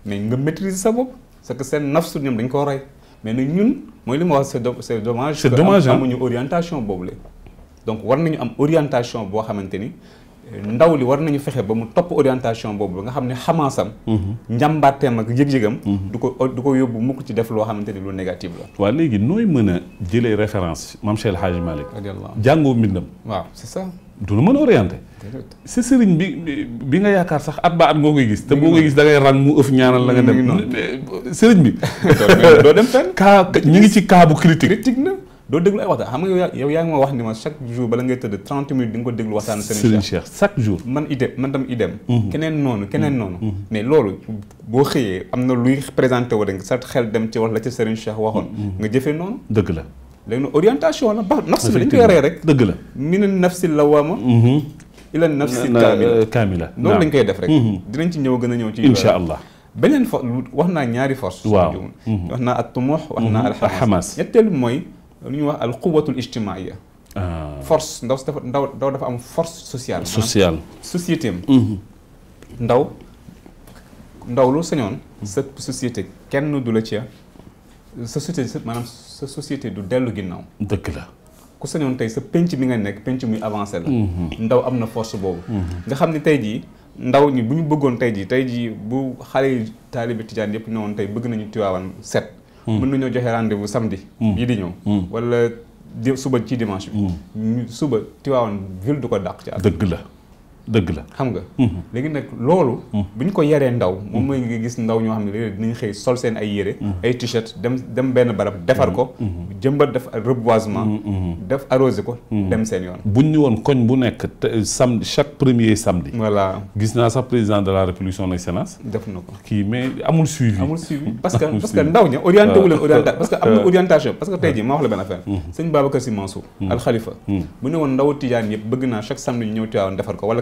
mais nga maîtriser sa bopp parce que seen nafs ñoom dañ ko roy mais nag ñun mooy li ma wax c'est dommage. c'est dommage amuñu orientation boobu la donc war nañu am orientation boo xamante ni. ndaw li war nañu fexe ba mu topp orientation boobu nga xam ne xamaasam njàmbaarteem ak yëg-yëgam du ko du ko yóbbu mukk ci def loo xamante ni lu négatif la waaw léegi nooy mën a jëlee référence maam Cheikh El Hadj Malick jàngoo waaw c'est ça du la mën a orienté si sëriñ bi bi nga yaakaar sax at ba at ngoo koy gis te moo koy gis da ngay rang mu ëf ñaanal la nga dem sëriñ bi doo dem fenn kaa ñu ngi ci kaa bu critique doo déglu ay waxtaan xam nga yow yaa ngi ma wax ni ma chaque jour bala ngay tëdd 30 minutes di nga ko déglu waxtaan Serigne Cheikh chaque jour man idem man tam idem keneen noonu keneen noonu mais loolu boo xëyee am na luy présenté wu rek sa xel dem ci wax la ci Serigne Cheikh waxoon nga jëfee noonu dëgg la léegi nag orientation la ba nafs bi dañ ko yoree rek dëgg la min nafsi lawama ila nafsi kaamila kaamila loolu lañ koy def rek dinañ ci ñëw gën a ñëw ci incha allah beneen fo wax naa ñaari force waaw wax naa at tumux wax naa alxamas ñetteel mooy lu ñuy wax al quwatul ijtimaia ah. force ndaw si dafa ndaw dafa am force sociale. sociale société am. Mhm. ndaw ndaw lu sañoon. sa société kenn du la ci sa société sa société du dellu ginnaaw. dëgg la. ku sañoon tey sa penc mi nga nekk penc muy avancé la. Mhm. ndaw am na force boobu. Mhm. nga xam ne tey jii ndaw ñi bu ñu bëggoon tey jii tey jii bu xale yi taalibe tijaan yëpp ne woon tey bëgg nañu Tiwaawan set. mën nañoo joxe rendez-vous samedi. yi hmm. di ñëw. Hmm. wala suba ci dimanche bi. Hmm. suba Tivaouane ville du ko dàq ci at. dëgg la. deug la xam nga legui nak lolu buñ ko yéré ndaw moom mooy nga gis ndaw ño xamni dañ xëy sol sen ay yére ay t-shirt dem dem ben barab defar ko jëmba def reboisement def arroser ko dem sen yoon buñ ñu won koñ bu nek samedi chaque premier samedi voilà gis na sa président de la république son excellence def nako ki mais amul suivi amul suivi parce que parce que ndaw ña orienté wul orienté parce que amna orientation parce que tey jii ma wax la ben affaire seigne Babacar si Mansour al Khalifa bu ne woon ndaw tidiane yëpp bëgg na chaque samedi ñëw Tiwaawan defar ko wala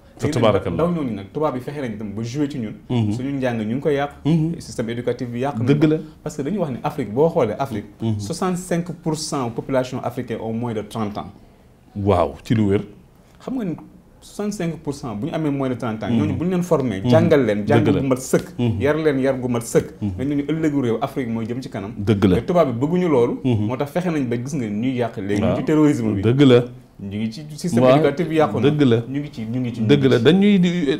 fa tabaarakallah ndaw ñooñu nag tubaab yi fexe nañ tam ba joué ci ñun mhm. suñu njàng ñu ngi koy yàq mhm. système éducatif bi yàq dëgg la parce que dañuy wax ne Afrique boo xoolee Afrique 65 mhm. pour cent population africaine au moins de 30 waaw ci lu wér xam nga ni 65 pour cent bu ñu amee moins de 30 ñooñu bu ñu leen formé jàngal leen jàng gu mat sëkk yar leen yar gu mat sëkk dañ leen ëllëgu réew Afrique mooy jëm ci kanam dëgg la te tubaab bi bëgguñu loolu moo tax fexe nañ ba gis nga ñuy yàq léegi ci terrorisme bi la ñu ngi ci système éducatif bi dëgg la ñu ci ñu ngi ci dëgg la dañuy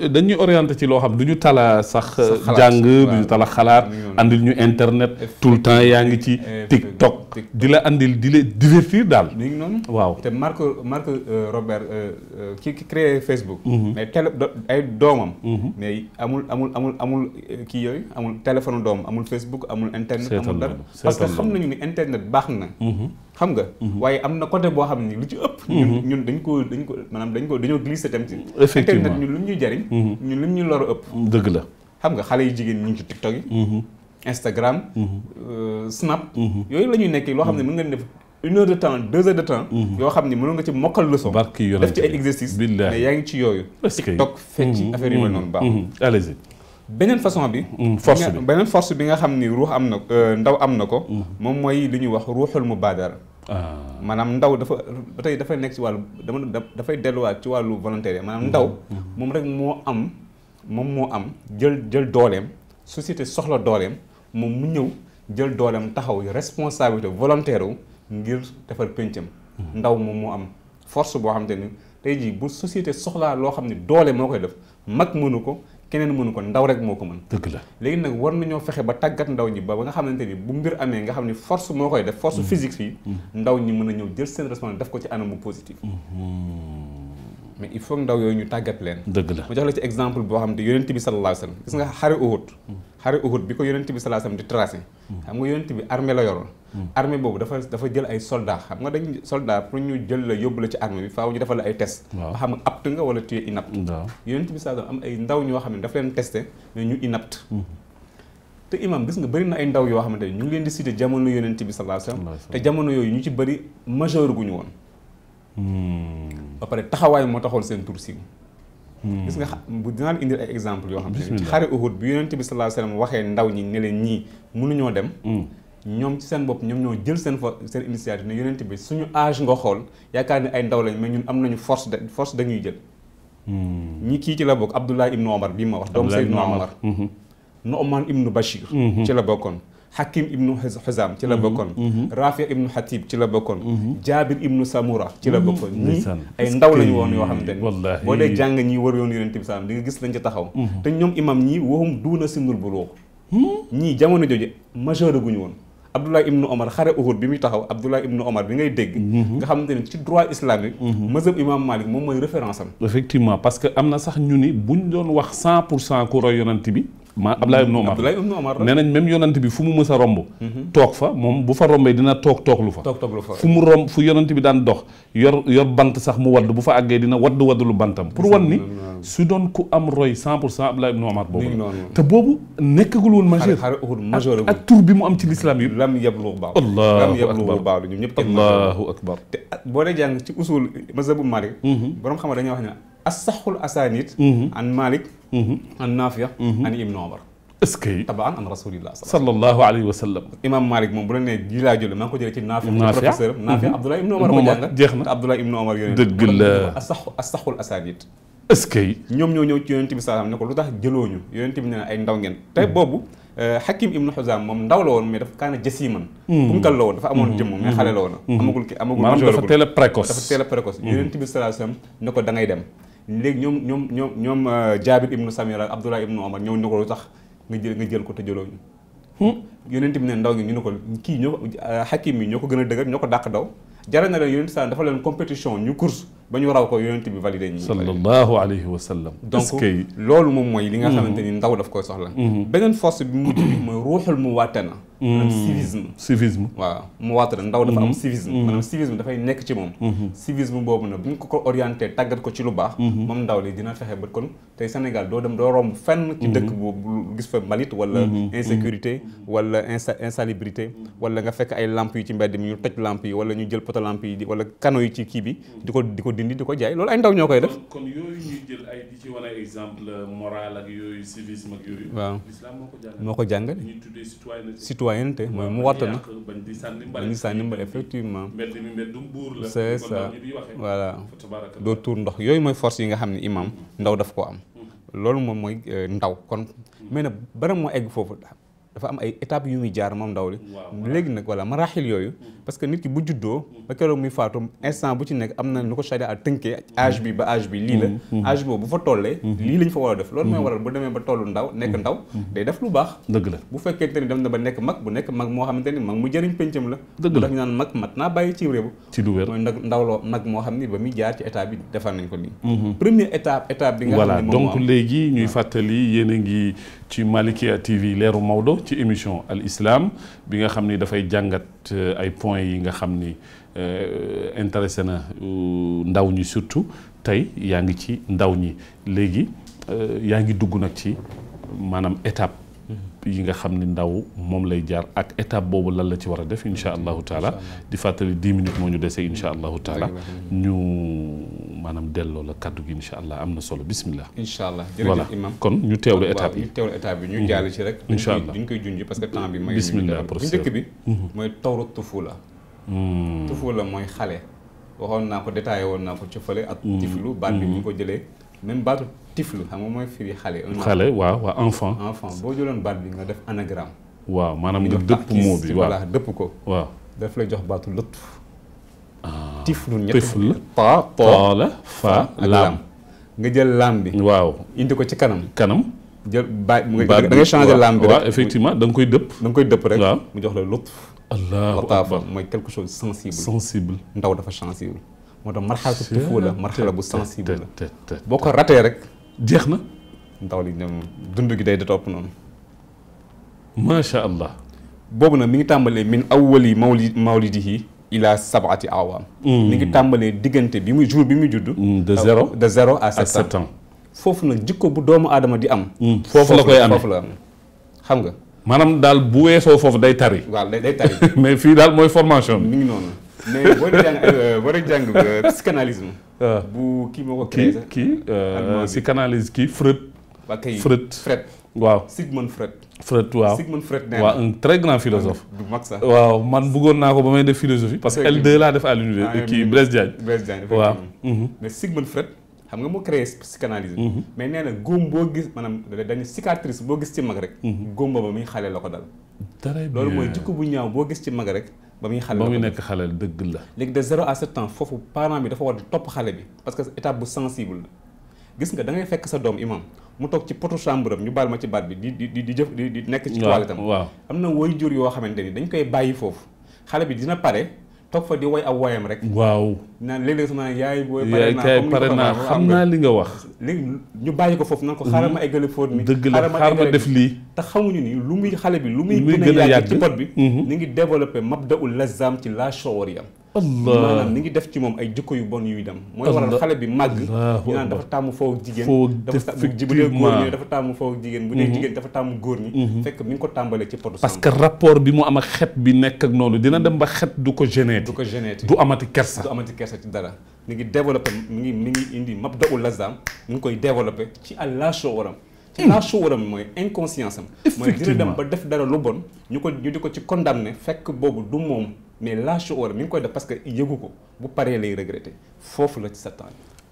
dañuy orienté ci loo xam du ñu tala sax jàng du ñu tala xalaat andil ñu internet tout le temps yaa ngi ci TikTok di la andil di la fii daal ñu ngi noonu waaw te Marc Marc euh, Robert euh, euh, ki ki créé Facebook mhm. mais télé ay doomam mhm. mais amul amul amul amul kii yooyu amul téléphone doomam amul Facebook amul internet amul dara parce que xam nañu ni internet baax na mhm. xam nga mhm. waaye am na côté boo xam ni lu ci ëpp ñun mhm. ñun dañ ko dañ ko maanaam dañ ko dañoo glissé tam ci effectivement internet mhm. ñun lu ñu ñuy jariñ ñun lu mu ñuy loru ëpp dëgg la xam nga xale yu jigéen ñu ngi ci tiktok yi instagram euh, snap yooyu la ñuy nekkee loo xam ne mën nga def une heure de temps deux heures de temps xam ne mënoon nga ci mokkal leçon def ci ay exercice mais yaa ngi ci yooyu tiktok fecc affaire yu mel noonu baax allez beneen façon bi force bi beneen force bi nga xam ni ruux am na euh, ndaw am na ko moom mooy li ñuy wax ruuxul mubaadara Ah. maanaam ndaw dafa ba tey dafay nekk ci wàllu dama dafay delluwaat ci wàllu volontaire maanaam ndaw hmm. Hmm. moom rek moo am moom moo am jël jël dooleem société soxla dooleem moom mu ñëw jël dooleem taxaw responsabilité volontaire wu ngir defar péncam hmm. ndaw moom moo am force boo xam te ni tey jii bu société soxlaa loo xam ne doole moo koy def mag mënu ko keneen mënu ko ndaw rek moo ko mën dëgg la léegi nag war nañoo fexe ba tàggat ndaw ñi ba ba nga xamante ni bu mbir amee nga xam ni force moo koy def force mm-hmm. physique fii mm-hmm. ndaw ñi mën a ñëw jël seen responsabilité daf ko ci anamu positif mm-hmm. mais il faut ndaw yooyu ñu tàggat leen dëgg la ma jox la ci exemple boo xam ne yonent bi sallallahu alayhi wa sallam gis nga xare Uhud xare Uhud bi ko yonent bi salaasam di tracé xam nga yonent bi armée la yoroon armée boobu dafa dafa jël ay soldat xam nga dañ soldaar pour ñu jël la yóbbu la ci armée bi faw ñu defal ay test ba xam nga apte nga wala tu es inapte yonent bi salaasam am ay ndaw ñoo xam ne dafa leen teste mais ñu inapte te imam gis nga bëri na ay ndaw yoo xamante ne ñu ngi leen di cité jamono yonent bi salaasam te jamono yooyu ñu ci bëri majeur guñu woon hmm. ba pare moo taxoon seen tur Hmm. gis nga bu dinaa la indil ay exemple yoo xam ne ci xare Uhud bi yonente bi sallallahu alayhi wa waxee ndaw ñi ne leen ñii ñoo dem hmm. ñoom ci seen bopp ñoom ñoo jël seen fa seen initiative ne yonente bi suñu âge nga xool yaakaar ne ay ndaw lañ mais ñun am nañu force da force dañuy jël hmm. ñi kii ci la bokk Abdullah ibnu Omar bii ma wax doom Seydina Omar Nu'man ibnu Bachir ci la bokkoon Hakim ibnu Xuzaam ci la bokkoon. Rafi ibnu Xatib ci la bokkoon. Jaabir ibnu Samura ci la bokkoon. ñii ay ndaw lañu woon yoo xamante ni. wallaahi boo dee jàng ñi war yoon Yonent bi salaam di nga gis lañ ci taxaw. te ñoom imam ñii waxum duuna sinul buluux. ñii jamono jooju majeur guñu woon. Abdullah ibnu Omar xare Uhud bi muy taxaw Abdullah ibnu Omar bi ngay dégg. nga xamante ne ci droit islamique. mazhab imam Malik moom mooy référence am. effectivement parce que am na sax ñu ni buñ doon wax 100 pour cent ku roy Yonent bi. ma Ablaye ibn Omar Ablaye ibn Omar nee nañ même yonant bi fu mu mës a romb toog fa moom bu fa rombee dina toog toog lu fa toog toog lu fa fu mu romb fu yonant bi daan dox yor yor bant sax mu wadd bu fa àggee dina wadd wadd lu bantam pour wan ni su doon ku am roy 100 pour cent Ablaye ibn Omar boobu te boobu nekkagul woon majeur ak tur bi mu am ci l'islam yëpp lam yablu baaw lam yablu baaw ñoom ñëpp allahu akbar te boo dee jàng ci usul mazhabu Malik borom xam dañuy wax ne الصح الاسانيد عن مالك عن نافيه عن ابن عمر اسكي طبعا عن رسول الله صلى الله عليه وسلم امام مالك مو بلني جيلا جيلا ما كنت جيتي نافيه بروفيسور نافيه عبد الله ابن عمر جيخنا عبد الله ابن عمر دق الصح الصح الاسانيد اسكي نيوم نيو نيو تي يونتي بي سلام نكو لوتاخ جيلو نيو يونتي بي اي نداو نين تاي بوبو حكيم ابن حزام مام نداو لون مي داف كان جسيما كونكال لون دا امون جيم مي خالي لون امغول كي امغول ما دا فا تيلا بريكوس دا فا تيلا بريكوس يونتي بي سلام نكو داغي دم léegi ñoom ñoom ñoom ñoom euh, Jaabir ibnu Samira ak Abdullah ibnu Omar ñëw ne ko lu tax nga jël ko tëjaloo ñu hmm? yonent bi ne ndaw ñu ne ko kii ñoo xakim euh, yi ñoo ko gën a dëgër ñoo ko dàq daw jaral na leen yonent sa dafa leen compétition ñu course ba ñu raw ko yonent bi validé ñi sallallahu alayhi wa sallam donc loolu nga hmm. xamante ni ndaw daf koy soxla hmm. beneen force bi mujj bi mooy ruuxul mu wàtte na maanaam mm. civisme civisme waaw mu waat la ndaw dafa am mm-hmm. civisme mm-hmm. maanaam civisme dafay nekk ci moom mm-hmm. civisme boobu nag bu ñu ko ko orienté tàggat ko ci lu baax moom ndaw li dina fexe ba kon tey Sénégal doo dem doo romb fenn ci dëkk bu gis fa mbalit wala insécurité wala insa insalubrité wala nga fekk ay lamp yi ci mbedd mi ñu toj lamp yi wala ñu jël poto lamp yi wala kano yi ci kii bi di ko di ko dindi di ko jaay loolu ay ndaw ñoo koy def kon yooyu ñuy jël ci wane exemple moral ak yooyu civisme ak yooyu waaw citoyenneté mooy mu watt na ba ñu sànni mbal effectivement c'est ça voilà doo tour ndox yooyu mooy force yi nga xam ne imam ndaw daf ko am mm-hmm. loolu moom mooy euh, ndaw kon mm-hmm. mais nag bara moo egg foofu dafa am ay étapes yu muy jaar moom ndaw li léegi nag voilà maraaxil yooyu mm-hmm. parce que nit ki bu juddoo ba keroog muy faatu instant bu ci nekk am na lu ko charia tënkee âge bi ba âge bi lii la mm-hmm. Mm-hmm. âge boobu bu fa tollee mm-hmm. lii lañ fa war def loolu mooy waral bu demee ba tollu ndaw nekk ndaw day def lu baax dëgg la bu fekkente ni dem na ba nekk mag bu nekk mag moo xamante ni mag mu jëriñ péncam la dëgg la ñu naan mag mat naa bàyyi ci réew ci du wér mooy nag ndaw loo moo xam ni ba muy jaar ci état bi defar nañ ko nii première étape étape bi nga xam ne moom donc léegi ñuy fàttali yéen a ngi ci Malikia TV leeru Maodo ci émission al islam bi nga xam ni dafay jàngat euh, ay point points yi nga xam ni euh, intéressé na euh, ndaw ñi surtout tey yaa ngi ci ndaw ñi léegi euh, yaa ngi dugg nag ci maanaam étape mm-hmm. yi nga xam ni ndaw moom lay jaar ak étape boobu lan la ci war a def incha allahu taala di fàttali dix minutes moo ñu desee incha allahu taala ñu manam delo la kaddu gi inshallah amna solo bismillah inshallah jere jërëjëf imam kon ñu téwlu étape yi ñu teewlu étape bi ñu jàll ci rek. inshallah duñ koy junj parce que temps bi. may bisimilah bu dëkk bi. moy tawru tufula. hmm tufula moy xale. waxon nako détaillé won nako ci feulé ak. tiflu baat bi ñu ko jëlé même baatu tiflu xam nga moy firi xale. xale waaw waaw enfant. enfant bo jëlon baat bi nga def anagram waaw manam nga dëpp mo bi waaw dëpp ko. waaw daf lay jox baatu lutf tiflu ñett tifl ta toola fa laam nga jël laam bi waaw indi ko ci kanam kanam jël baat da ngay changer laam bi waaw effectivement da nga koy dëpp da nga koy dëpp rek waaw mu jox la lutf allahu akbar mooy quelque chose sensible sensible ndaw dafa sensible moo tax marxalatu tufu la marxala bu sensible la boo ko ratee rek jeex na ndaw li ñoom dund gi day di topp noonu macha allah boobu nag mi ngi tàmbalee min awwali mawli mawlidihi a a awam hmm. ni ngi tàmbalee diggante bi muy jour bi muy judd hmm, de 0 de zéro à 7 ans foofu jikko bu doomu adama di am hmm, la koy am la xam nga manam dal bu day tari day tari mais fi dal moy formation ni ngi mais jang euh, euh, ah. bu ki moko créé euh, psychanalyse Freud Freud waaw Sigmund Freud Fred, Freud waaw Sigmund Freud nee waaw un très grand philosophe. du mag sax waaw man bëggoon naa ko ba def philosophie. parce que L2 laa def à l'université ah, kii Blaise Diagne. Blaise Diagne waaw. Mhm. mais Sigmund Freud xam nga mo créé psychanalyse. Mhm. mais nee na bo gis manam dañu cicatrice bo gis ci mag rek. Mhm. góom ba ba muy xale la dal. très bien loolu mooy jikko bu ñaaw bo gis ci mag rek. ba muy xale ba muy nekk xale dëgg la. léegi de 0 à 7 ans fofu parent bi dafa war top xalé bi parce que étape bu sensible gis nga dangay fekk sa doom imam mu toog ci poto chambre am ñu baal ma ci baat bi di di di jëf di di nekk ci toilette am waaw am na woy jur yoo xamante ni dañ koy bàyyi foofu xale bi dina pare toog fa di woy ab woyam rek waaw naan léeg-léeg sama yaay booy pare naa xam naa li nga wax li ñu bàyyi ko foofu nan ko xaaral ma hmm. eggale fóot mi dëgg la xaaral ma def lii te xamuñu ni lu muy xale bi lu muy gën a yàgg ci pot bi hmm. ni ngi développé mabdaul lazam ci la shawariya am allah maanaam ngi def ci moom ay jikko yu bon yuy dem mooy waral xale bi màgg ñu naan dafa tàmm foofu jigéen bu dee góor ñi dafa tàmm foofu jigéen bu dee mhm. jigéen dafa tàmm góor ñi mhm. fekk mi ngi ko tàmbalee ci potu parce que rapport bi mu am ak bi nekk ak noonu dina dem ba xet du ko géné du ko géné du amati kersa du amati kersa ci dara mu ngi développé mu ngi mi ngi indi mab daul lazam mu ngi koy développé ci àllaaso waram mm. ci laasu waram mooy inconscience am mooy dina dem ba def dara lu bon ñu ko ñu di ko ci condamné fekk boobu du moom mais lâche je quoi parce que yego ko pas. regretter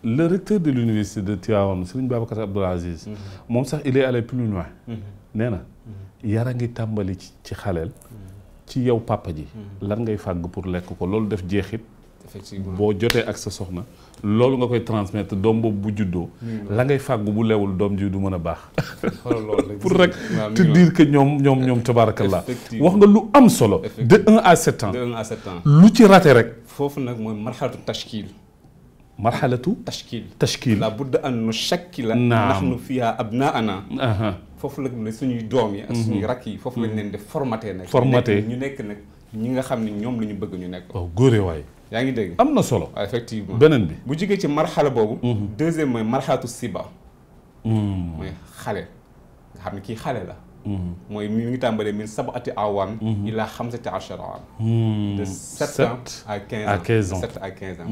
le recteur de l'université de Tivaouane Serigne Babacar mhm. il est allé plus loin mhm. Nana, il mhm. yara ngi ci ci ci yow papa ji lan pour les ko lolou def loolu nga koy transmettre dom bob bu juddo la ngay fagu bu lewul dom ji du meuna bax pour rek te dire que ñom ñom ñom tabarakallah wax nga lu am solo. de 1 à 7 ans de 1 à 7 ans. lu ci raté rek. fofu nak moy marhalatu tashkil. marhalatu tashkil tashkil. la budd an nu shakkila. naam fiha abnaana. fofu la ne suñuy dom yi. ak suñuy rakk yi foofu lañ leen di formaté nak formaté ñu nekk nak ñi nga xamni ñom lañu bëgg ñu nekk. oh gore way yaa ngi dégg am na solo effectivement beneen bi bu jigee ci marxala boobu deuxième mooy marxalatu siba mooy xale nga xam ne kii xale la mooy mi ngi tàmbalee min sabati awan ila xamsati achara an de sept ans à quinze ans à quinze ans sept à quinze ans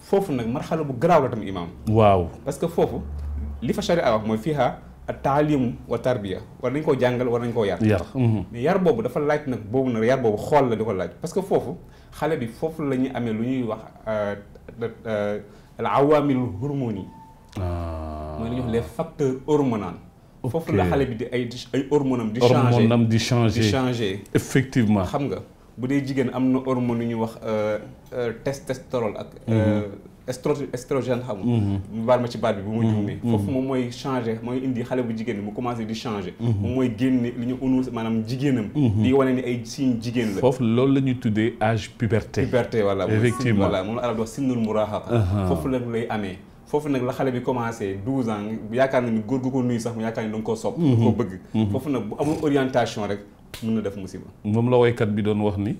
foofu nag marxala bu garaaw la tam imaam waaw parce que foofu li fa charia wax mooy fiiha taalim wa tarbiya war nañ koo jàngal war nañ koo yar yar mais yar boobu dafa laaj nag boobu nag yar boobu xool la di ko laaj parce que foofu xale bi fofu lañu amé amee lu ñuy wax al awamil hormoni ah moy ñu wax les facteurs hormonaux fofu la xale bi di ay ay hormonam di changer hormonam di changer di changer effectivement xam nga bu dee jigéen am hormone ñu wax euh testostérone ak estrogène xam nga. Mm-hmm. baal ma ci baat bi bu ma juumee. Mm-hmm. foofu moom moy changer moy indi xalé bu jigéen bi mu commencé di changer mm-hmm. moom mooy génne li ñu unuus maanaam jigéenam. di wone ni ay signe jigéen la. fofu loolu lañu ñuy âge puberté. puberté voilà effectivement voilà mom la arab wax sinnul muraahaqa. Uh-huh. foofu la lay amee. foofu nag la xalé bi commencé 12 ans yaakaar na ni góor gu ko nuy sax mu yaakaar ni da ko koo sopp da bëgg. fofu nak bu amul orientation rek mën na def musiba. mom la way kat bi doon wax ni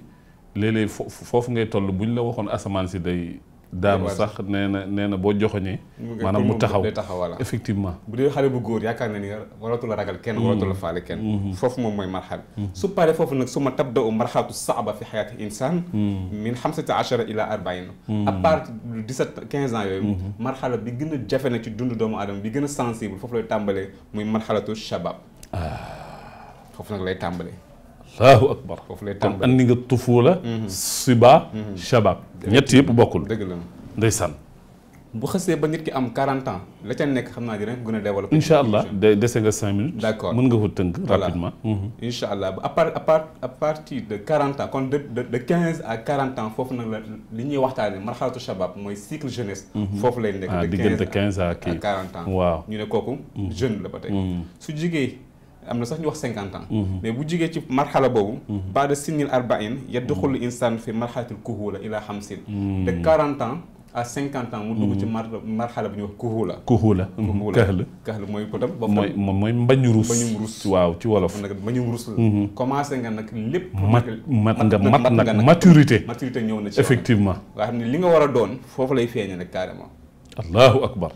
léeg-léeg foofu ngay toll buñ la waxon asaman si day. daam sax nee na nee na boo joxoñee maanaam mu taxaw effectivement bu dee xale bu góor yaakaar na ni waratu la ragal kenn waratu la faale kenn foofu moom mooy marxal su paree foofu nag su ma tabda u marxalatu saaba fi xayaati insan min xamsati achara ila arbaïn à partir de dix sept quinze ans yooyu marxala bi gën a jafe nag ci dundu doomu aadama bi gën a sensible foofu lay tàmbalee muy marxalatu shabab foofu nag lay tàmbalee الله اكبر كون اني الطفوله صبا شباب نيت ييب بوكول ديسان بو خسي با نيت كي ام 40 عام لا تا نيك خمنا دي رانك غنا ديفلوب ان شاء الله ديسي غا 5 مينوت داكور مون غا فو تنك رابيدمون ان شاء الله با ابار ابار ابارتي دو 40 عام كون دو 15 ا 40 عام فوف نا لي ني وقتان مرحله الشباب موي سيكل جينيس فوف لاي نيك دو 15 ا 40 عام واو ني نكوكو جين لا باتاي سو جيغي am na sax ñu wax cinquante ans mais bu jigee ci marxala boobu baada sinnil arbain yadduxul insaan fi marxalatil kuhula ila xamsin de quarante ans à 50 ans mu dugg ci marhala marxala bu ñuy wax kuhula kuhula kahl kahl moy ko potam mooy moy mbagnu rus mbañu rus ci waw ci wolof nag mbañu rus commencé nga nak lépp mat nga mat nak maturité maturité ñëw na ci effectivement nga xam li nga wara doon fofu lay feeñe nak carrément الله اكبر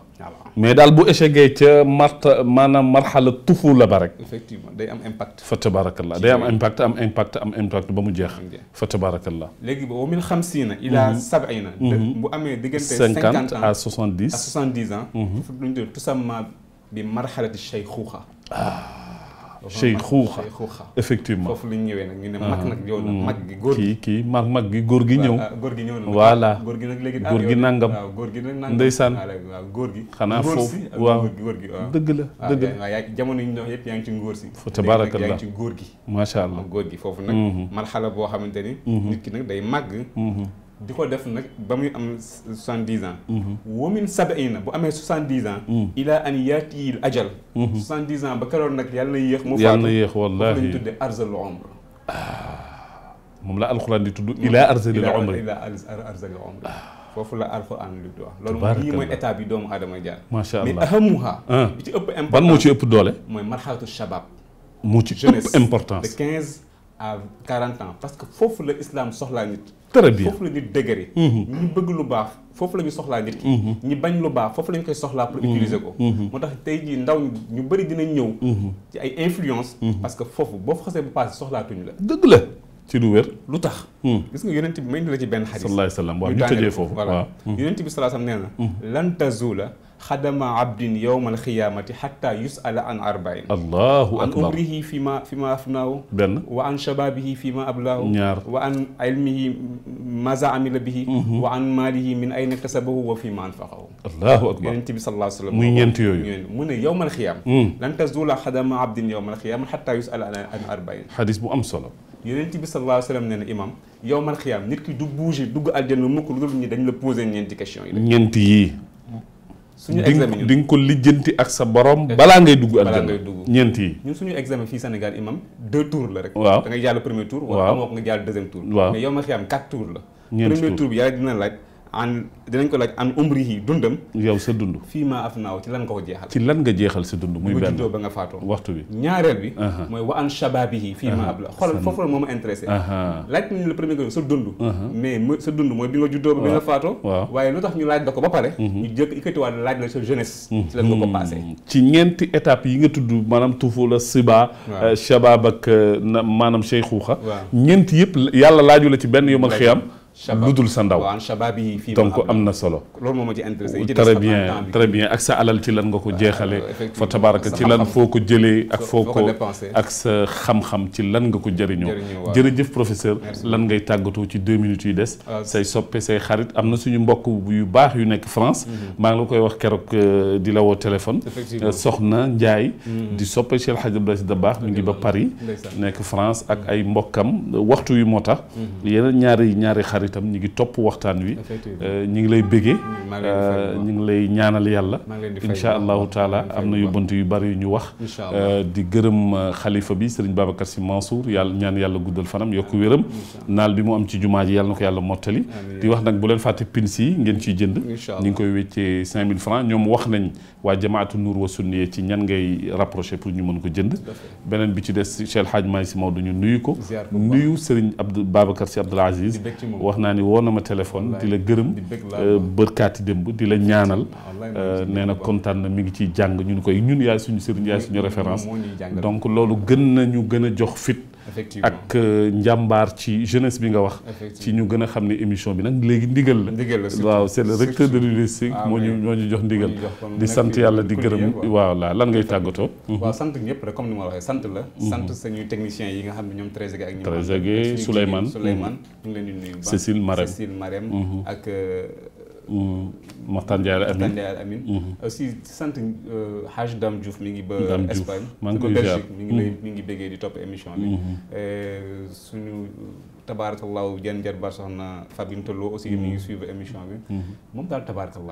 مي دال بو ايشيغي تي مارت مانا مرحله الطفوله بارك effectivement داي ام امباكت فتبارك الله داي ام امباكت ام امباكت ام امباكت بامو جيخ فتبارك الله لغي بو 2050 الى 70 بو امي ديغنت 50 à 70 70 70 ans فدون تسمى بمرحله الشيخوخه Cheikhoukha Cheikhoukha effectivement foofu la ñu ñëwee nag ñu ne mag nag ñëw na mag gi góor kii kii mag mag gi góor gi ñëw góor gi ñëw na voilà góor gi nag léegi góor gi nangam waaw góor gi nag nangam ndeysaan waaw góor gi xanaa foofu waaw góor gi waaw dëgg la dëgg la yaa jamono yi ñu doon yëpp yaa ngi ci ngóor si fa tabarakallah yaa ngi ci góor gi macha allah góor gi foofu nag marxala boo xamante ni nit ki nag day màgg diko def nak bamuy am 70 ans wamin min sabaina bu amé 70 ans ila an yati al ajal 70 ans ba keroog nak yàlla yéex mu faatu yàlla yéex wallahi lañ tudde arzal al umr mom la alxuraan di tuddu ila arzal al umr ila arzal al umr fofu la alxuraan li do lolu lii moy état bi doomu aadama jaar sha allah mais ahamuha ci ëpp important ban mo ci ëpp doole moy marhalatu shabab mo ci ëpp importance de 15 à 40 ans parce que fofu le islam soxla nit très bien foofu la nit dëgëri mhm. ñi bëgg lu baax foofu la ñu soxlaa nit ki mhm. ñi bañ lu baax foofu la ñu koy soxlaa pour mhm. utiliser ko moo tax tey ndaw ñu bëri dinañ ñëw ci ay influence parce foofu boo fa xasee ba passé soxlaatuñu la dëgg la ci lu wér lu tax gis nga yonent bi may ni la ci benn xadis salaay bi salaasam nee na lan tazula خدم عبد يوم الخيامة حتى يسأل عن أربعين الله أكبر عن عمره فيما فيما أفناه بل وعن شبابه فيما أبلاه نيار. نعم. وعن علمه ماذا عمل به مه. وعن ماله من أين كسبه وفيما أنفقه الله أكبر يعني النبي صلى الله عليه وسلم من ينتيو من يوم القيامة لن تزول خدم عبد يوم القيامة حتى يسأل عن أربعين حديث بو أم يعني صلى yonent bi sallallahu alayhi wa sallam nee na imam yow man xiyaam دو ki du bouger dugg aljanna mukk lu dul ñi dañ la poser ñeenti suñu examen di nga ko lijjanti ak sa borom balaa ngay dugg ak balaa ngay dugg ñeent yi ñun suñu examen fii Sénégal imam deux tours la rek waaw da ngay jàll premier tour waaw amoo ko nga jàll deuxième tour waaw mais yow ma xiyam quatre tours la premier tour bi yàlla dina laaj an dinañ ko laaj an umri yi dundam. yow sa dund. fii maa af naaw ci lan nga ko jeexal. ci lan nga jeexal sa dund. muy benn juddoo ba nga faatoo waxtu bi. ñaareel bi. mooy wa an shabaab yi fii maa ab xoolal foofu la moo la premier dund. mais sa dund mooy bi nga juddoo ba bi waaye lu tax ñu laaj la ko ba pare. Mhm. ñu jëkk ikkatiwaat laaj la sa jeunesse. Mhm. ci lan nga ko passé. Mhm. ci ñeenti étape yi nga tudd maanaam tuufu la siba. Euh, shabaab ak euh, maanaam seyxuuxa. ñeent yëpp yàlla laaju la ci benn yomal xiyam lu dul sa ndaw donc am na solo très bien très bien ak sa alal ci lan nga ko jexale fa tabarak ci lan foko jele ak foko ak sa xam-xam ci lan nga ko jëriñoo jërëjëf professeur lan ngay tagatu ci 2 minutes yu dess say soppe say xarit amna suñu mbokk yu bax yu nek France ma ngi koy wax kérok di la woo téléphone soxna Njaay di soppe Cheikh hadji abdou rassid Dabakh mi ngi ba Paris nek France ak ay mbokam waxtu yu motax yeneen ñaari ñaari xarit itam ñu ngi topp waxtaan wi euh, ñu ngi lay béggee euh, ñu ngi lay ñaanal yàlla incha allahu taala am na yu bant yu bari yu ñu wax euh, di gërëm xalifa bi sëriñ Babacar Sy Mansour yàlla ñaan yàlla guddal fanam yokku wéram naal bi mu am ci jumaa ji yàlla na ko yàlla mottali di wax nag bu leen fàtte pins yi ngeen ciy jënd ñu ngi koy wéccee 5000 francs ñoom wax nañ waa jamaatu nur wa sunniya ci ñan ngay rapproché pour ñu mën ko jënd beneen bi ci des Cheikh Hadj Maay Si Maodo ñu ko nuyu sëriñ Abdou wax naa ni woo na téléphone di la gërëm euh, bërkaati démb di la ñaanal euh, nee na kontaan na mu ngi ci jàng ñu ni koy ñun yaay suñu sëriñ yaay suñu référence donc loolu gën nañu gën a jox fit ak euh, njàmbaar ci jeunesse bi nga wax ci ñu gën a xam ne émission bi nag léegi ndigal la waaw c'est le recteur de l'université ah, moo ñu moo ñu jox ndigal di sant yàlla di gërëm waaw la lan ngay tàggatoo mhm. waaw sant ñëpp rek comme ni ma waxee sant la mhm. sant sañuy technicien yi nga xam ne ñoom Trezeguet ak Trezeguet Souleymane Souleymane mhm. ñu ngi leen di nuyu Cécile Marème Cécile Marème ak euh, Mokhtar Ndiaye Al Amin Mokhtar Ndiaye Al Amin. Mm-hmm. aussi sant euh, Hadj Dame Diouf mi ngi ba. Espagne maa ngi koy ziar mi ngi mm-hmm. mi ngi bëggee di topp émission bi. Mm-hmm. Euh, suñu tabaarakallahu jan jar ba soxna Fabine Tollo aussi mi ngi suivre émission bi. moom daal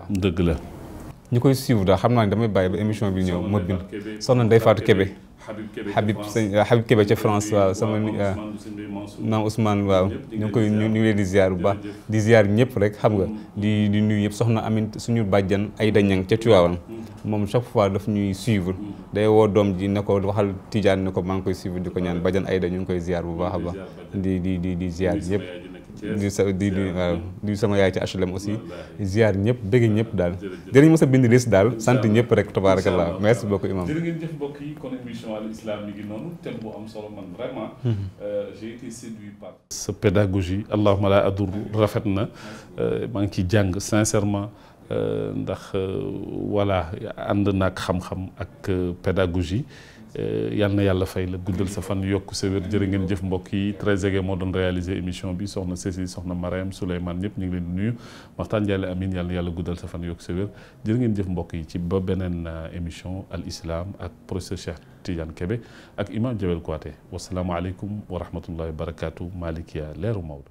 mu dëgg la. ñi koy suivre daal xam naa ne damay bàyyi ba émission bi ñëw ma bind soxna Ndeye Fatou Kébé Habib euh, Habib Kébé ca France waaw sama maam euh, Ousmane waaw ñu ngi koy ñu ngi leen di ziar bu baax di ziar ñëpp rek xam nga mm-hmm. di di nuyu ñëpp soxna Amine suñu bàjjan ay dañang ca Tiwaawan mm-hmm. moom chaque fois daf ñuy suivre mm-hmm. day woo doom ji ne ko waxal Tidiane ne ko maa ngi koy suivre di ko ñaan bàjjan ay dañu ngi koy ziar bu baax a baax di di di di ziar ñëpp di waaw sama yaay ci HLM aussi ziar ñëpp bëgg ñëpp daal dinañ mos sa bind liste daal sant ñëpp rek tabarakallah merci beaucoup imam jërë ngeen jëf mbokk yi kon émission al islam mi ngi noonu thème bu am solo man vraiment mhm. euh, j'ai été séduit par sa pédagogie allahuma la adur rafet na euh, maa ngi ciy jàng sincèrement euh, ndax voilà ànd naag xam-xam ak pédagogie Euh, yal na yàlla fay la guddal sa fan yok sa wér jërë ngeen jëf mbokk yi très égé moo doon réaliser émission bi soxna Cécile soxna mariam souleyman ñep ñu ngi leen nuyu waxtaan amin yal na guddal sa fan yok sa wér jërë ngeen jëf mbokk yi ci ba benen euh, émission al islam ak professeur Cheikh Tidiane Kébé ak imam Jawel Kouaté wasalaamualeykum wa rahmatullahi wa barakatu malikiya leeru Maodo